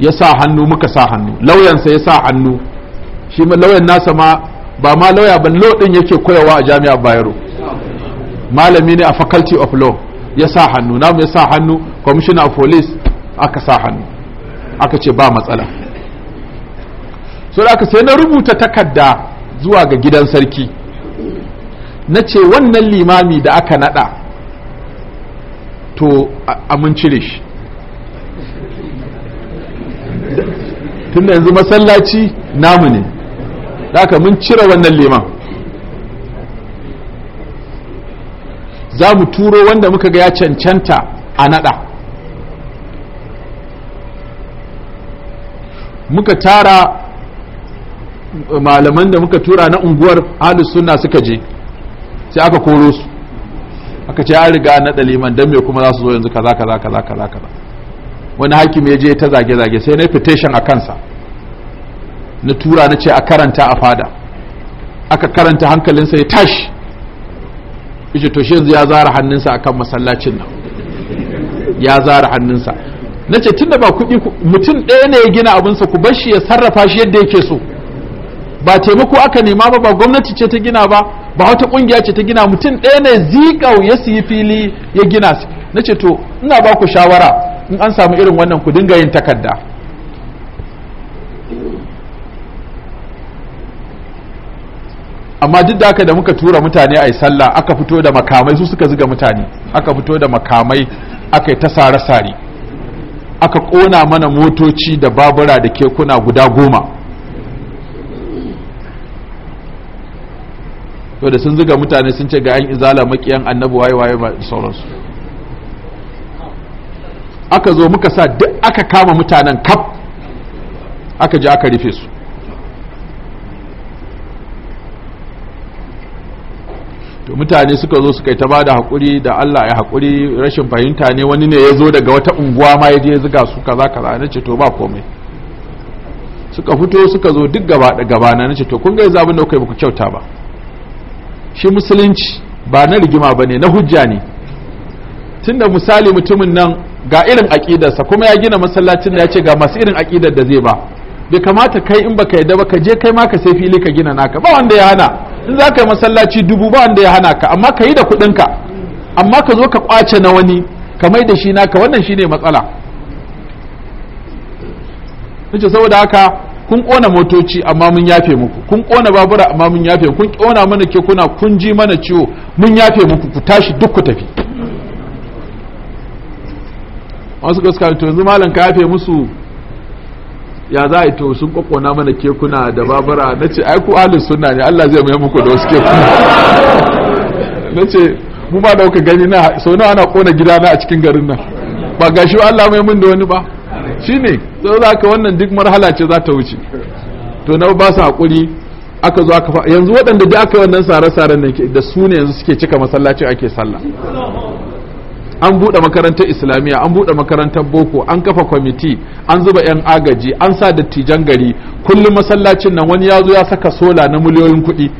ya sa hannu muka sa hannu lauyansa ya sa hannu shi lauyan nasa ma ba ma lauya ba lo din yake koyawa a jami'a bayero malami ne a faculty of law ya sa hannu namu ya sa hannu commissioner of police aka sa hannu aka ce ba matsala so da aka sai na rubuta takarda zuwa ga gidan sarki na ce wannan limami da aka nada to a shi tunda yanzu masallaci namu ne haka mun cire wannan liman za mu turo wanda muka ga ya cancanta a nada muka tara malaman da muka tura na unguwar halus suna suka je sai aka koro su aka ce ya riga na liman don me kuma za su zo yanzu kaza kaza kaza kaza kaza wani hakimi ya je ta zage-zage sai na fitashin a kansa na tura na ce a karanta a fada aka karanta hankalinsa ya tashi ishe to shi yanzu ya zara hannunsa akan masallacin nan ya zara hannunsa na ce tunda ba kuɗi mutum ɗaya ne ya gina abinsa ku bar shi ya sarrafa shi yadda yake so ba taimako aka nema ba ba gwamnati ce ta gina ba ba wata ƙungiya ce ta gina mutum ɗaya ne zikau ya siyi fili ya gina su na ce to ina ba ku shawara in an samu irin wannan ku dinga yin takarda amma duk da haka da muka tura mutane a yi sallah aka fito da makamai su suka ziga mutane aka fito da makamai aka yi ta sare-sare aka kona mana motoci da babura da kekuna guda goma to da sun ziga mutane sun ce ga 'yan izala makiyan annabi waye-waye ba sauransu aka zo muka sa duk aka kama mutanen kaf aka je aka rufe su to mutane suka zo suka yi ta bada hakuri da Allah ya hakuri rashin fahimta ne wani ne ya zo daga wata unguwa ma ya je zuga su kaza kaza na ce to ba komai suka fito suka zo duk gaba da gaba na nace to kun ga yanzu abin da kuka yi kyauta ba shi musulunci ba na rigima bane na hujja ne Tun da misali mutumin nan ga irin aƙidarsa kuma ya gina masallacin da ya ce ga masu irin aƙidar da zai ba bai kamata kai in baka yadda ba ka je kai ma ka sai fili ka gina naka ba wanda ya hana in za ka yi masallaci dubu ba wanda ya hana ka amma ka yi da kuɗinka amma ka zo ka ƙwace na wani ka mai da shi naka wannan shine matsala nace saboda haka kun ƙona motoci amma mun yafe muku kun ƙona babura amma mun yafe kun ƙona mana kekuna kun ji mana ciwo mun yafe muku ku tashi duk ku tafi wasu gaska to yanzu malam ka yafe musu ya za a to sun kokona mana kekuna da babura na ce ai ku ahlus sunna ne Allah zai mai muku da wasu kekuna na ce mu ba da kuka gani na sau nawa ana kona gida na a cikin garin nan ba gashi Allah mai mun da wani ba shine sau za ka wannan duk marhala ce za ta wuce to na ba su hakuri aka zo aka yanzu waɗanda da aka yi wannan sare-saren da su ne yanzu suke cika masallacin ake sallah an buɗe makarantar islamiyya an buɗe makarantar boko an kafa kwamiti an zuba 'yan agaji an sa dattijan gari kullum masallacin nan wani ya zo ya saka sola na miliyoyin kuɗi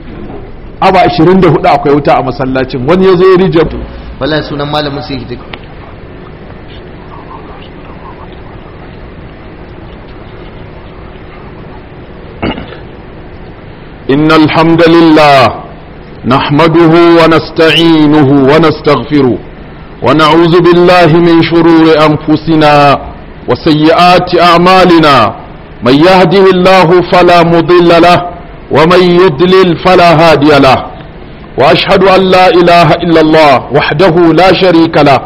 aba 24 akwai wuta a masallacin wani ya zo ya rije wallahi sunan malamin sai innal hamdalillah nahmaduhu wa nasta'inuhu wa nastaghfiruh ونعوذ بالله من شرور أنفسنا وسيئات أعمالنا من يهده الله فلا مضل له ومن يضلل فلا هادي له وأشهد أن لا إله إلا الله وحده لا شريك له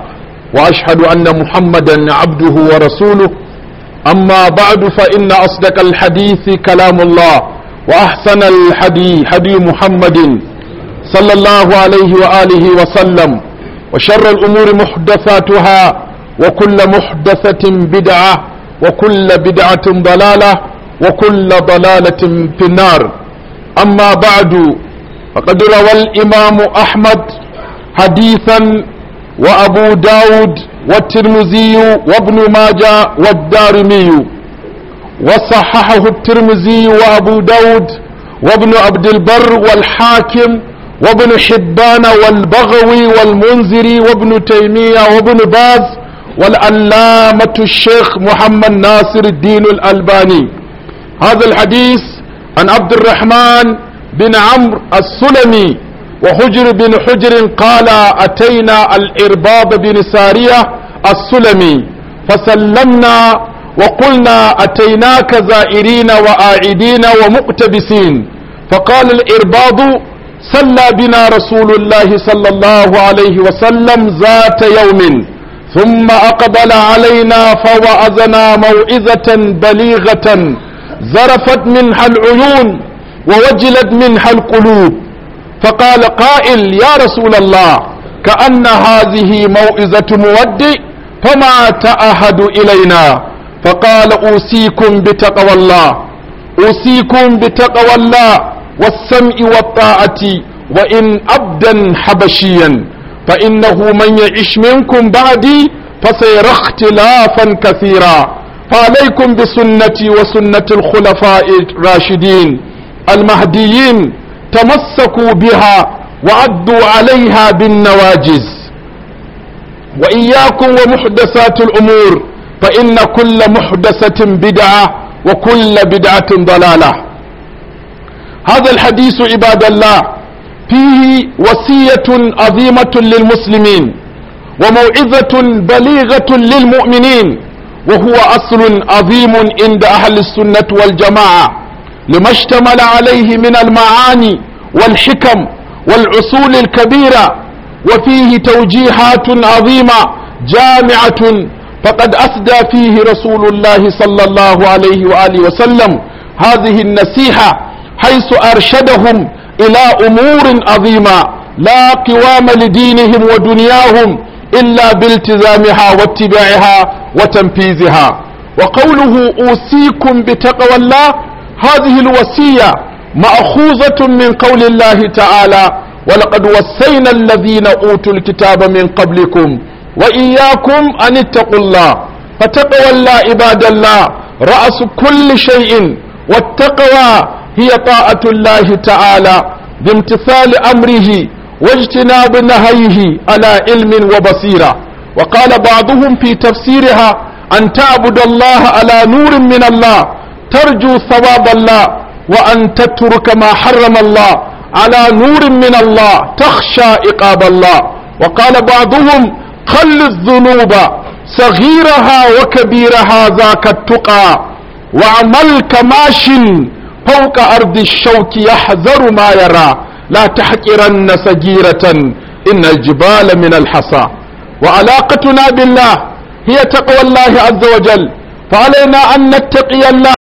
وأشهد أن محمدا عبده ورسوله أما بعد فإن أصدق الحديث كلام الله وأحسن الحديث حدي محمد صلى الله عليه وآله وسلم وشر الأمور محدثاتها وكل محدثة بدعة وكل بدعة ضلالة وكل ضلالة في النار أما بعد فقد روى الإمام أحمد حديثا وأبو داود والترمذي وابن ماجة والدارمي وصححه الترمذي وأبو داود وابن عبد البر والحاكم وابن حبان والبغوي والمنذري وابن تيمية وابن باز والعلامة الشيخ محمد ناصر الدين الألباني هذا الحديث عن عبد الرحمن بن عمرو السلمي وحجر بن حجر قال أتينا الإرباب بن سارية السلمي فسلمنا وقلنا أتيناك زائرين وآعدين ومقتبسين فقال الإرباض صلى بنا رسول الله صلى الله عليه وسلم ذات يوم ثم أقبل علينا فوعظنا موعظة بليغة زرفت منها العيون ووجلت منها القلوب فقال قائل يا رسول الله كأن هذه موعظة مودع فما تأهد إلينا فقال أوصيكم بتقوى الله أوصيكم بتقوى الله والسمع والطاعة وإن أبدا حبشيا فإنه من يعش منكم بعدي فسيرى اختلافا كثيرا فعليكم بسنتي وسنة الخلفاء الراشدين المهديين تمسكوا بها وعدوا عليها بالنواجز وإياكم ومحدثات الأمور فإن كل محدثة بدعة وكل بدعة ضلالة هذا الحديث عباد الله فيه وصية عظيمة للمسلمين وموعظة بليغة للمؤمنين وهو أصل عظيم عند أهل السنة والجماعة لما اشتمل عليه من المعاني والحكم والأصول الكبيرة وفيه توجيهات عظيمة جامعة فقد أسدى فيه رسول الله صلى الله عليه وآله وسلم هذه النصيحة حيث أرشدهم إلى أمور عظيمة لا قوام لدينهم ودنياهم إلا بالتزامها واتباعها وتنفيذها وقوله أوصيكم بتقوى الله هذه الوصية مأخوذة من قول الله تعالى ولقد وصينا الذين أوتوا الكتاب من قبلكم وإياكم أن اتقوا الله فتقوى الله عباد الله رأس كل شيء والتقوى هي طاعة الله تعالى بامتثال أمره واجتناب نهيه على علم وبصيرة وقال بعضهم في تفسيرها أن تعبد الله على نور من الله ترجو ثواب الله وأن تترك ما حرم الله على نور من الله تخشى عقاب الله وقال بعضهم قل الذنوب صغيرها وكبيرها ذاك التقى وعملك كماش فوق أرض الشوك يحذر ما يرى لا تحقرن سجيرة إن الجبال من الحصى وعلاقتنا بالله هي تقوى الله عز وجل فعلينا أن نتقي الله